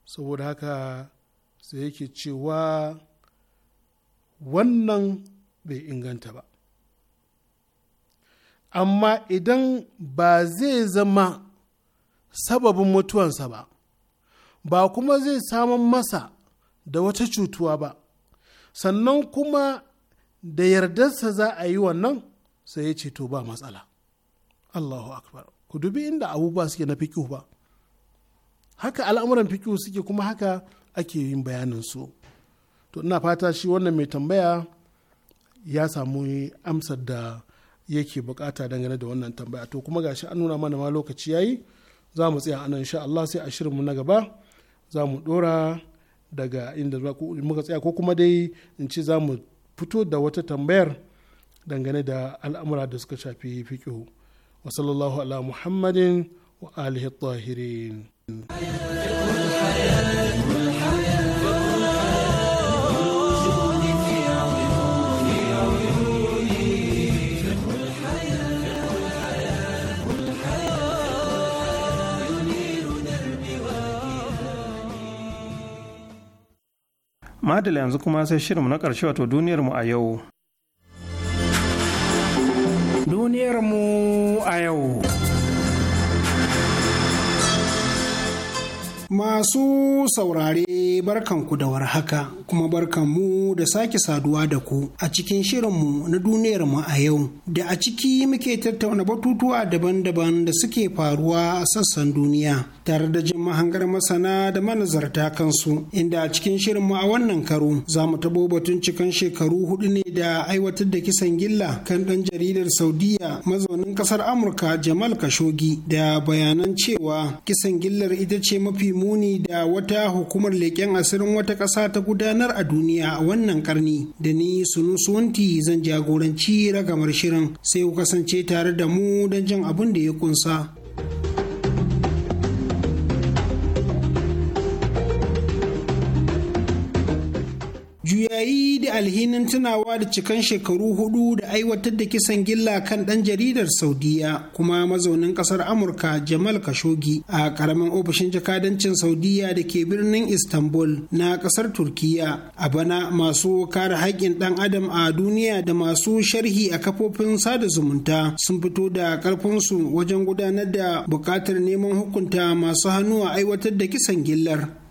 saboda haka sai yake cewa wannan bai inganta ba amma idan ba zai zama sababin mutuwansa ba ba kuma zai saman masa da wata cutuwa ba sannan kuma da yardarsa za a yi wannan sai ya ce to ba matsala Allahu akbar ku dubi inda abubuwa suke na fikihu ba haka al'amuran fiƙo suke kuma haka ake yin bayanin su to ina fata shi wannan mai tambaya ya samu amsar da yake bukata dangane da wannan tambaya to kuma gashi an nuna mana ma lokaci yayi za mu tsaya anan insha Allah sai a shirinmu na gaba za mu dora daga inda muka tsaya ko kuma dai in ce za mu fito da wata tambayar dangane da al'amura da suka shafi fiƙihu wa sallallahu ala muhammadin wa alihi tahirin madala yanzu kuma sai shirinmu na ƙarshe wato duniyarmu a yau duniyarmu a yau masu saurare barkanku da haka. kuma mu da sake saduwa da ku a cikin shirinmu na duniyar mu a yau da a ciki muke tattauna batutuwa daban-daban da suke faruwa a sassan duniya tare da jin mahangar masana da manazarta kansu inda a cikin shirin mu a wannan karo za mu tabo batun cikan shekaru hudu ne da aiwatar da kisan gilla kan ɗan jaridar saudiya mazaunin ƙasar amurka jamal kashogi da bayanan cewa kisan gillar ita ce mafi muni da wata hukumar leƙen asirin wata ƙasa ta gudanar ranar a duniya a wannan karni da ni sunu suwanti zan jagoranci ragamar shirin sai ku kasance tare da mu don jin abin da ya kunsa. yayi da alhinin tunawa da cikan shekaru hudu da aiwatar da kisan gilla kan ɗan jaridar Saudiya kuma mazaunin ƙasar Amurka Jamal kashogi a karamin ofishin jakadancin Saudiya da ke birnin Istanbul na ƙasar Turkiya. A bana masu kare haƙƙin ɗan adam a duniya da masu sharhi a kafofin sada zumunta sun fito da ƙarfinsu wajen gudanar da buƙatar neman hukunta masu hannu a aiwatar da kisan gillar.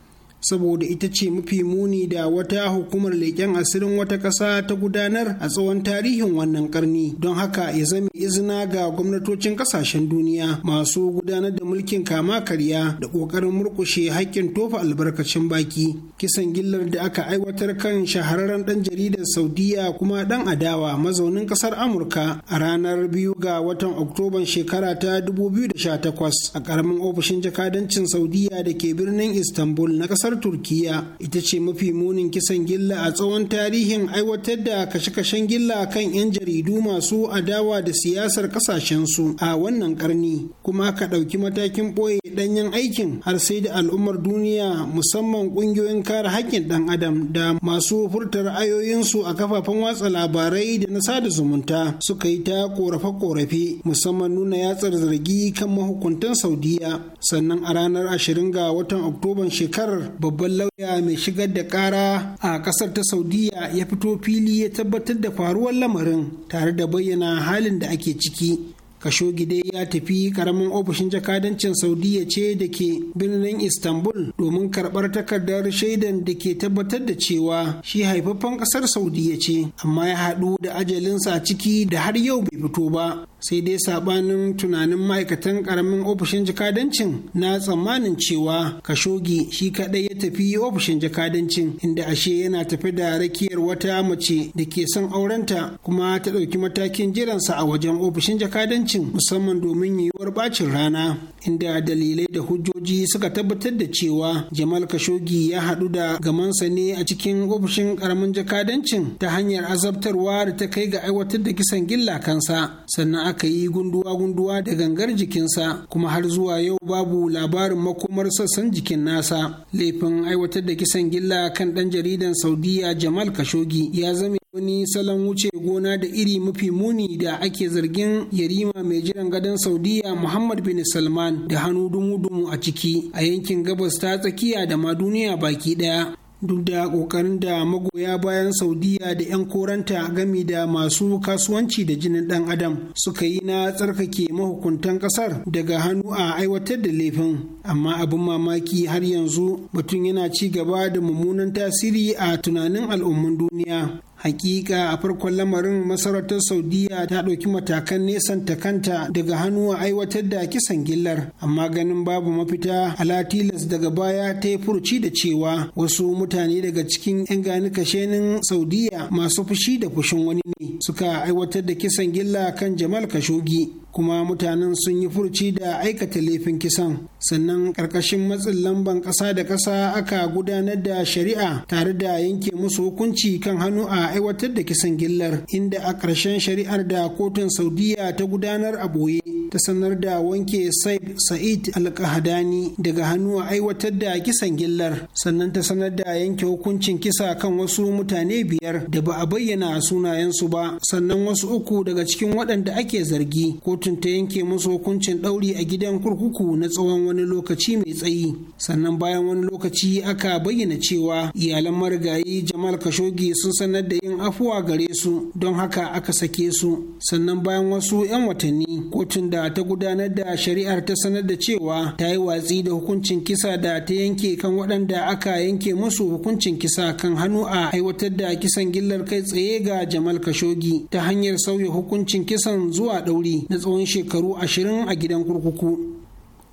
saboda ita ce mafi muni da wata hukumar leƙen asirin wata ƙasa ta gudanar a tsawon tarihin wannan ƙarni don haka ya zama izina ga gwamnatocin ƙasashen duniya masu gudanar da mulkin kama karya da ƙoƙarin murƙushe haƙƙin tofa albarkacin baki kisan gillar da aka aiwatar kan shahararren dan jaridar saudiya kuma ɗan adawa mazaunin kasar amurka a ranar biyu ga watan oktoban shekara ta 2018 a karamin ofishin jakadancin saudiya da ke birnin istanbul na kasar turkiya ita ce mafi munin kisan gilla a tsawon tarihin aiwatar da kashe-kashen gilla kan 'yan jaridu masu adawa da siyasar ƙasashensu a wannan karni kuma aka ɗauki matakin ɓoye ɗanyen aikin har sai da al'ummar duniya musamman ƙungiyoyin kare hakkin ɗan adam da masu furtar ayoyinsu a kafafen watsa labarai da na sada zumunta suka yi ta korafe-korafe musamman nuna yatsar zargi kan mahukuntan saudiya sannan a ranar 20 ga watan oktoban shekarar babban lauya mai shigar da ƙara a ƙasar ta saudiya ya fito fili ya tabbatar da faruwar lamarin tare da bayyana halin da ake ciki Kashogide dai ya tafi karamin ofishin jakadancin Saudiya ce da ke birnin Istanbul domin karɓar takardar shaidan da ke tabbatar da cewa shi haifaffen ƙasar Saudiya ce, amma ya haɗu da ajalinsa ciki da har yau bai fito ba. Sai dai sabanin tunanin ma'aikatan karamin ofishin jakadancin na tsammanin cewa kashogi shi kaɗai ya tafi ofishin jakadancin inda ashe yana tafi da rakiyar wata mace da ke son aurenta kuma ta ɗauki matakin jiransa a wajen ofishin jakadancin. hukuncin musamman domin yiwuwar bacin rana inda dalilai da hujjoji suka tabbatar da cewa jamal kashogi ya haɗu da gamansa ne a cikin ofishin karamin jakadancin ta hanyar azabtarwa da ta kai ga aiwatar da kisan gilla kansa sannan aka yi gunduwa-gunduwa da gangar jikinsa kuma har zuwa yau babu labarin makomar sassan jikin nasa laifin aiwatar da kisan gilla kan ɗan jaridan saudiya jamal kashogi ya zame wani salon wuce gona da iri mafi muni da ake zargin yarima mai jiran gadon saudiya muhammad bin salman da hannu dumu-dumu a ciki a yankin gabas ta tsakiya da ma duniya baki daya duk da kokarin da magoya bayan saudiya da 'yan koranta gami da masu kasuwanci da jinin dan adam suka yi na tsarkake mahukuntan kasar daga hannu a aiwatar da laifin amma abin mamaki har yanzu batun yana ci gaba da mummunan tasiri a tunanin al'umman duniya hakika a farkon lamarin masarautar saudiya ta ɗauki matakan nesanta kanta daga hannu a aiwatar da kisan gillar amma ganin babu mafita alatilas daga baya ta yi furci da cewa wasu mutane daga cikin 'yan gani kashenin saudiya masu fushi da fushin wani ne suka aiwatar da kisan gilla kan jamal kashogi kuma mutanen sun yi furci da aikata laifin kisan sannan ƙarƙashin matsin lamban ƙasa da ƙasa aka gudanar da shari'a tare da yanke musu hukunci kan hannu a aiwatar da kisan gillar inda a ƙarshen shari'ar da kotun saudiya ta gudanar a boye ta sanar da wanke said sa'id alƙahadani daga hannu a aiwatar da kisan gillar sannan ta sanar da yanke hukuncin kisa kan wasu mutane biyar da ba a bayyana sunayensu ba sannan wasu uku daga cikin waɗanda ake zargi ko kotun ta yanke musu hukuncin ɗauri a gidan kurkuku na tsawon wani lokaci mai tsayi sannan bayan wani lokaci aka bayyana cewa iyalan marigayi jamal kashogi sun sanar da yin afuwa gare su don haka aka sake su sannan bayan wasu 'yan watanni kotun da ta gudanar da shari'ar ta sanar da cewa ta yi watsi da hukuncin kisa da ta yanke kan waɗanda aka yanke musu hukuncin kisa kan hannu a aiwatar da kisan gillar kai tsaye ga jamal kashogi ta hanyar sauya hukuncin kisan zuwa ɗauri na tsawon shekaru ashirin a gidan kurkuku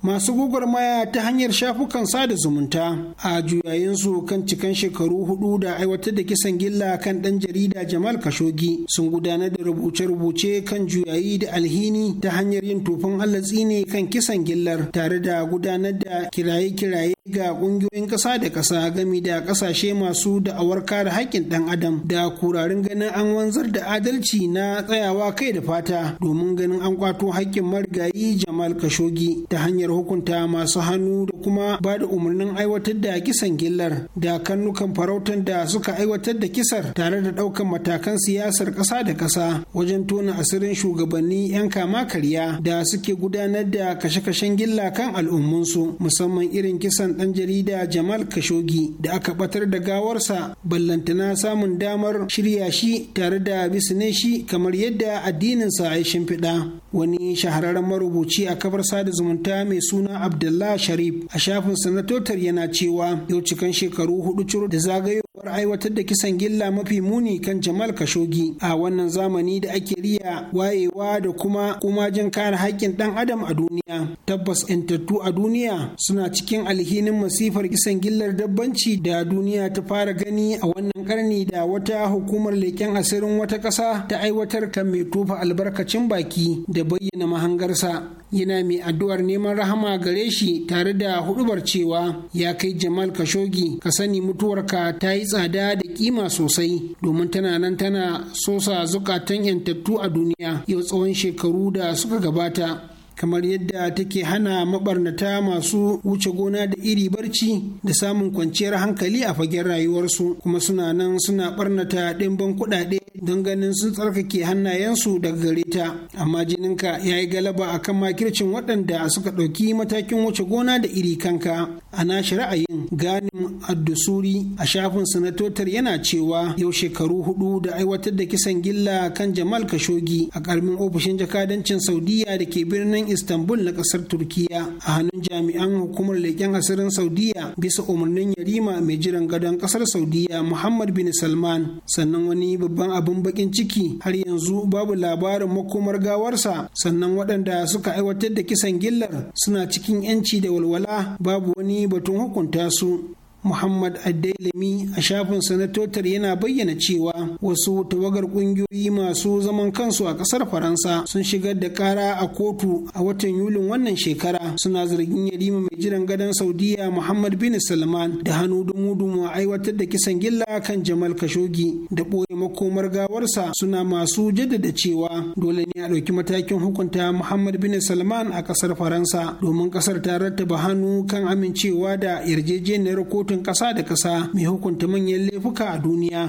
masu maya ta hanyar shafukan sada zumunta a juyayensu kan cikan shekaru hudu da aiwatar da kisan gilla kan dan jarida jamal kashogi sun gudanar da rubuce-rubuce kan juyayi da alhini ta hanyar yin tufin allatsi ne kan kisan gillar tare da gudanar da kiraye-kiraye ga kungiyoyin ƙasa da ƙasa gami da ƙasashe masu da da'awar kare haƙƙin ɗan adam da kurarin ganin an wanzar da adalci na tsayawa kai da fata domin ganin an kwato haƙƙin marigayi jamal kashogi ta hanyar ƙungiyar hukunta masu hannu da kuma ba da umarnin aiwatar da kisan gillar da kannukan farautar da suka aiwatar da kisar tare da ɗaukan matakan siyasar ƙasa da ƙasa wajen tona asirin shugabanni 'yan kama karya da suke gudanar da kashe-kashen gilla kan al'ummansu musamman irin kisan ɗan jarida jamal kashogi da aka batar da gawarsa ballantana samun damar shirya shi tare da bisne shi kamar yadda addininsa ya shimfiɗa wani shahararren marubuci a kafar sada zumunta mai mai suna Abdullah Sharif a shafin sanatotar yana cewa yau cikan shekaru hudu ciro da zagayowar aiwatar da kisan gilla mafi muni kan Jamal kashogi. a wannan zamani da ake riya wayewa da kuma kumajin kare haƙƙin ɗan adam a duniya. Tabbas ‘yantattu a duniya suna cikin alhinin masifar kisan gillar dabbanci da duniya ta fara gani a wannan karni da wata hukumar leƙen asirin wata ƙasa ta aiwatar ta mai tufa albarkacin baki da bayyana mahangarsa yana mai addu'ar neman rahama gare shi tare da hudubar cewa ya kai jamal kashogi ka sani mutuwarka ta yi tsada da kima sosai domin tana nan tana sosa zukatan yantattu a duniya yau tsawon shekaru da suka gabata kamar yadda take hana mabarnata masu wuce gona da iri barci da samun kwanciyar hankali a fagen rayuwarsu kuma suna nan suna barnata ɗimbin kuɗaɗe don ganin sun tsarkake hannayensu daga gare ta amma jininka ya yi galaba a kan makircin waɗanda suka ɗauki matakin wuce gona da iri kanka ana shari'ayin ganin addusuri a shafin sanatotar yana cewa yau shekaru hudu da aiwatar da kisan gilla kan jamal kashogi a ƙaramin ofishin jakadancin Saudiyya da ke birnin istanbul na kasar turkiya a hannun jami'an hukumar leƙen asirin saudiya bisa umarnin yarima mai jiran gadon kasar saudiya muhammad bin salman sannan wani babban abin bakin ciki har yanzu babu labarin makomar gawarsa sannan waɗanda suka aiwatar da kisan gillar suna cikin 'yanci da walwala babu wani batun hukunta su Muhammad Adelemi a shafin sanatotar yana bayyana cewa wasu tawagar ƙungiyoyi masu zaman kansu a ƙasar Faransa sun shigar da ƙara a kotu a watan Yulin wannan shekara suna zargin yarima mai jiran gadon Saudiya Muhammad bin Salman da hannu dumu-dumu a aiwatar da kisan gilla kan Jamal Khashoggi da ɓoye makomar gawarsa suna masu jaddada cewa dole ne a ɗauki matakin hukunta Muhammad bin Salman a ƙasar Faransa domin ƙasar ta rattaba hannu kan amincewa da yarjejeniyar kotu hukuncin ƙasa da ƙasa mai hukunta manyan laifuka a duniya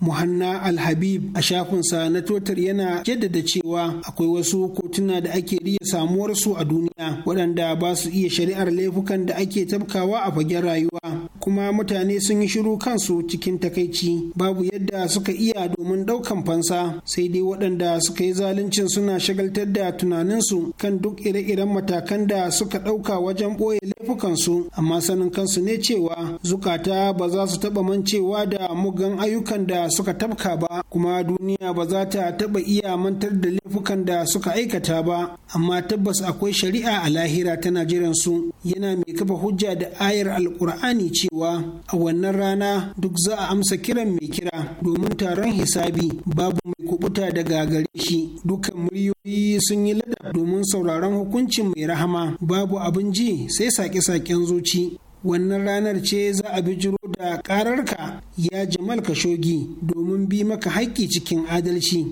Muhanna AlHabib a shafinsa na Twitter yana jaddada cewa akwai wasu kotuna da ake riya samuwarsu a duniya waɗanda ba su iya shari'ar laifukan da ake tabkawa a fagen rayuwa kuma mutane sun yi shiru kansu cikin takaici babu yadda suka iya domin ɗaukan fansa sai dai waɗanda suka yi zaluncin suna shagaltar da tunaninsu kan duk ire-iren matakan da suka ɗauka wajen ɓoye laifukansu amma sanin kansu ne cewa zukata ba za su taɓa mancewa da mugan ayyukan da suka tafka ba kuma duniya ba za ta taɓa iya mantar da laifukan da suka aikata ba amma tabbas akwai shari'a a lahira tana jiran su yana mai kafa hujja da ayar alkur'ani ce cewa a wannan rana duk za a amsa kiran mai kira domin taron hisabi babu mai kubuta daga gare shi dukkan muryoyi sun yi ladab domin sauraron hukuncin mai rahama babu abin ji sai sake-saken zuci wannan ranar ce za a bijiro da kararka ya jamal kashogi domin bi maka haƙƙi cikin adalci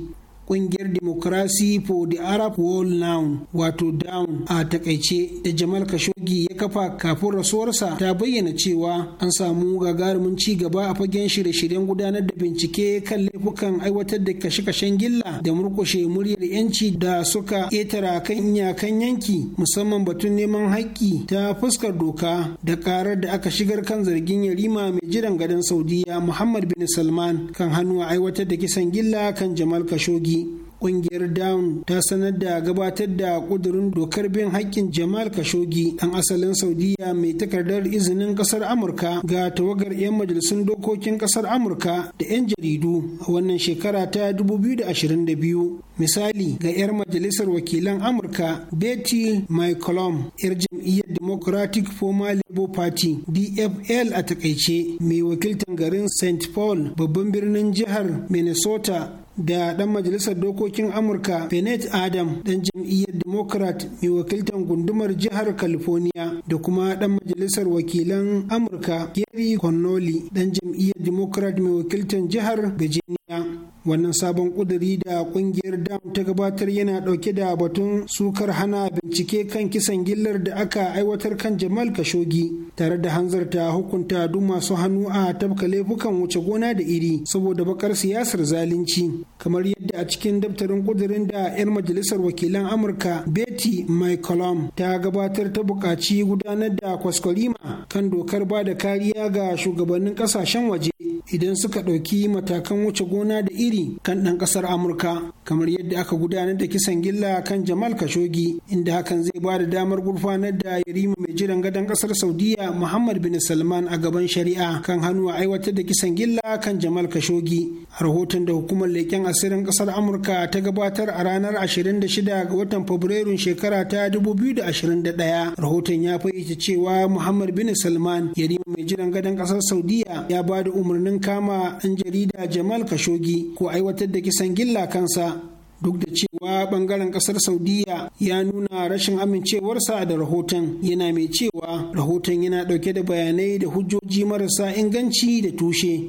kungiyar demokrasi for the arab world now wato down a takaice da jamal kashogi ya kafa kafin rasuwarsa ta bayyana cewa an samu gagarumin ci gaba a fagen shirye-shiryen gudanar da bincike kan laifukan aiwatar da kashe-kashen gilla da murkushe muryar yanci da suka ƙetara kan iyakan yanki musamman batun neman haƙƙi ta fuskar doka da karar da aka shigar kan zargin yarima mai jiran gadon saudiya muhammad bin salman kan hannu a aiwatar da kisan gilla kan jamal kashogi ƙungiyar kungiyar down ta sanar da gabatar da ƙudurin dokar bin haƙƙin jamal kashogi ɗan asalin saudiya mai takardar izinin ƙasar amurka ga tawagar 'yan majalisun dokokin ƙasar amurka da 'yan jaridu a wannan shekara ta 2022 misali ga 'yar majalisar wakilan amurka betty mccollum 'yar jam'iyyar democratic former labour party dfl a takaice mai wakiltan garin st paul babban birnin jihar minnesota da ɗan majalisar dokokin amurka benet adam ɗan jam'iyyar democrat mai wakiltar gundumar jihar california da kuma ɗan majalisar wakilan amurka gary connolly ɗan jam'iyyar democrat mai wakiltar jihar virginia wannan sabon kuduri da kungiyar dam ta gabatar yana ɗauke da batun sukar hana bincike kan kisan gillar da aka aiwatar kan jamal kashogi tare da hanzarta hukunta duk masu hannu a tabka laifukan wuce gona da iri saboda bakar siyasar zalunci kamar yadda a cikin daftarin kudirin da 'yan majalisar wakilan amurka betty mccollum ta gabatar ta bukaci gudanar da kwaskwarima kan dokar ba da kariya ga shugabannin kasashen waje idan suka ɗauki matakan wuce gona da iri kan ɗan ƙasar amurka kamar yadda aka gudanar da kisan gilla kan jamal kashogi inda hakan zai ba da damar gurfanar da yarima mai jiran gadon ƙasar saudiya Muhammad bin Salman a gaban shari'a kan hannu a aiwatar da kisan gilla kan Jamal Khashoggi. A rahoton da hukumar leƙen asirin ƙasar Amurka ta gabatar a ranar 26 ga watan Fabrairun shekara ta 2021. Rahoton ya fayyace cewa Muhammad bin Salman yarima mai jiran gadon ƙasar Saudiya ya ba da umarnin kama ɗan jarida Jamal Khashoggi ko aiwatar da kisan gilla kansa duk da cewa bangaren kasar saudiya ya nuna rashin amincewarsa da rahoton yana mai cewa rahoton yana dauke da bayanai da hujjoji marasa inganci da tushe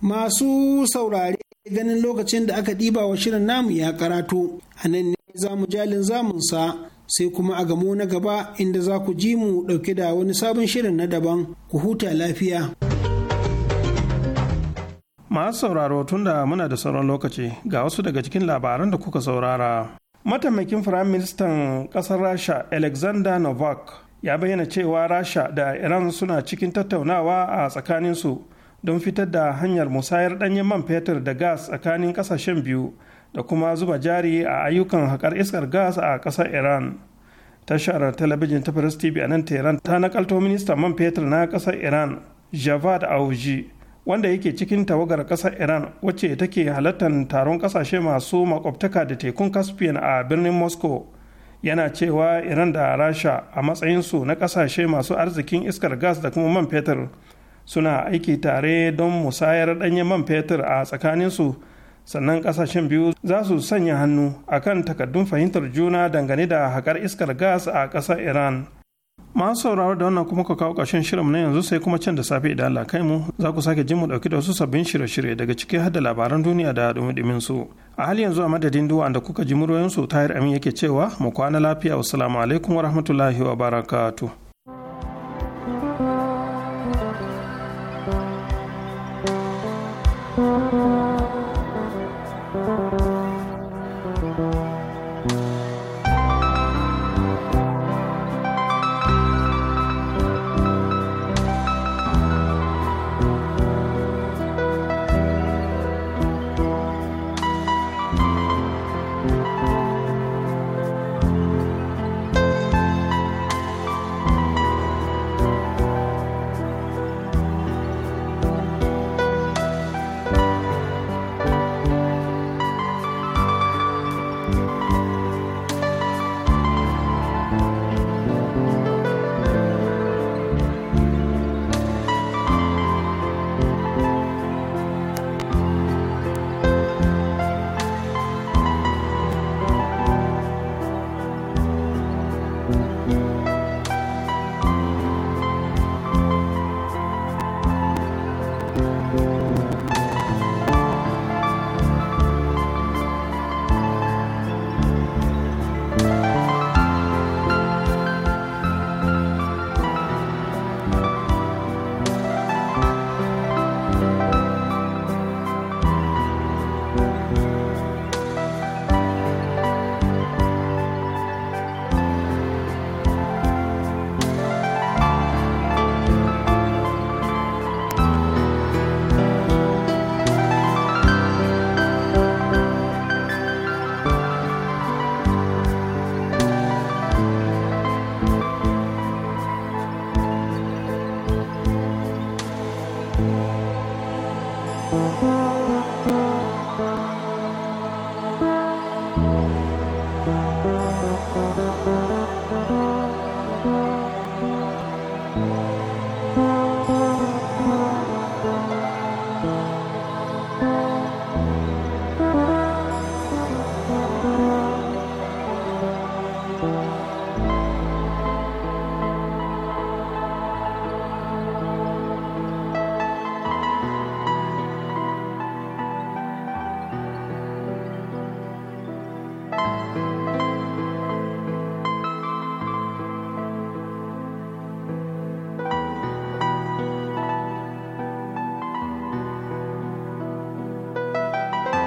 masu saurare ganin lokacin da aka ɗiba wa shirin namu ya karatu a nan ne za mu jalin zamunsa sai kuma a gamo na gaba inda za ku ji mu ɗauke da wani sabon shirin na daban ku huta lafiya. masu sauraro tunda muna da sauran lokaci ga wasu daga cikin labaran da kuka saurara mataimakin firaministan ƙasar rasha alexander novak ya bayyana cewa rasha da iran suna cikin tattaunawa a tsakaninsu don fitar da hanyar musayar ɗanyen man fetur da gas tsakanin ƙasashen biyu da kuma zuba jari a ayyukan haƙar iskar gas a ƙasar iran tashar talabijin ta paris tv a nan tehran ta nakalto ministan man fetur na ƙasar iran javad auji wanda yake cikin tawagar ƙasar iran wacce take halartar taron ƙasashe masu makwabtaka da tekun caspian a birnin moscow yana cewa iran da rasha a matsayinsu na ƙasashe masu arzikin iskar gas da kuma man fetur suna aiki tare don musayar ɗanyen man fetur a tsakaninsu sannan ƙasashen biyu za su sanya hannu akan takaddun fahimtar juna dangane da haƙar iskar gas a ƙasar iran masu sauraro da wannan kuma ka kawo ƙarshen shirin na yanzu sai kuma can da safe idan Allah kai mu za ku sake jin mu dauki da wasu sabbin shirye-shirye daga ciki har da labaran duniya da dumin su a hali yanzu a madadin duwa da kuka ji muryoyin su tahir amin yake cewa mu kwana lafiya wassalamu alaikum wa rahmatullahi wa barakatuh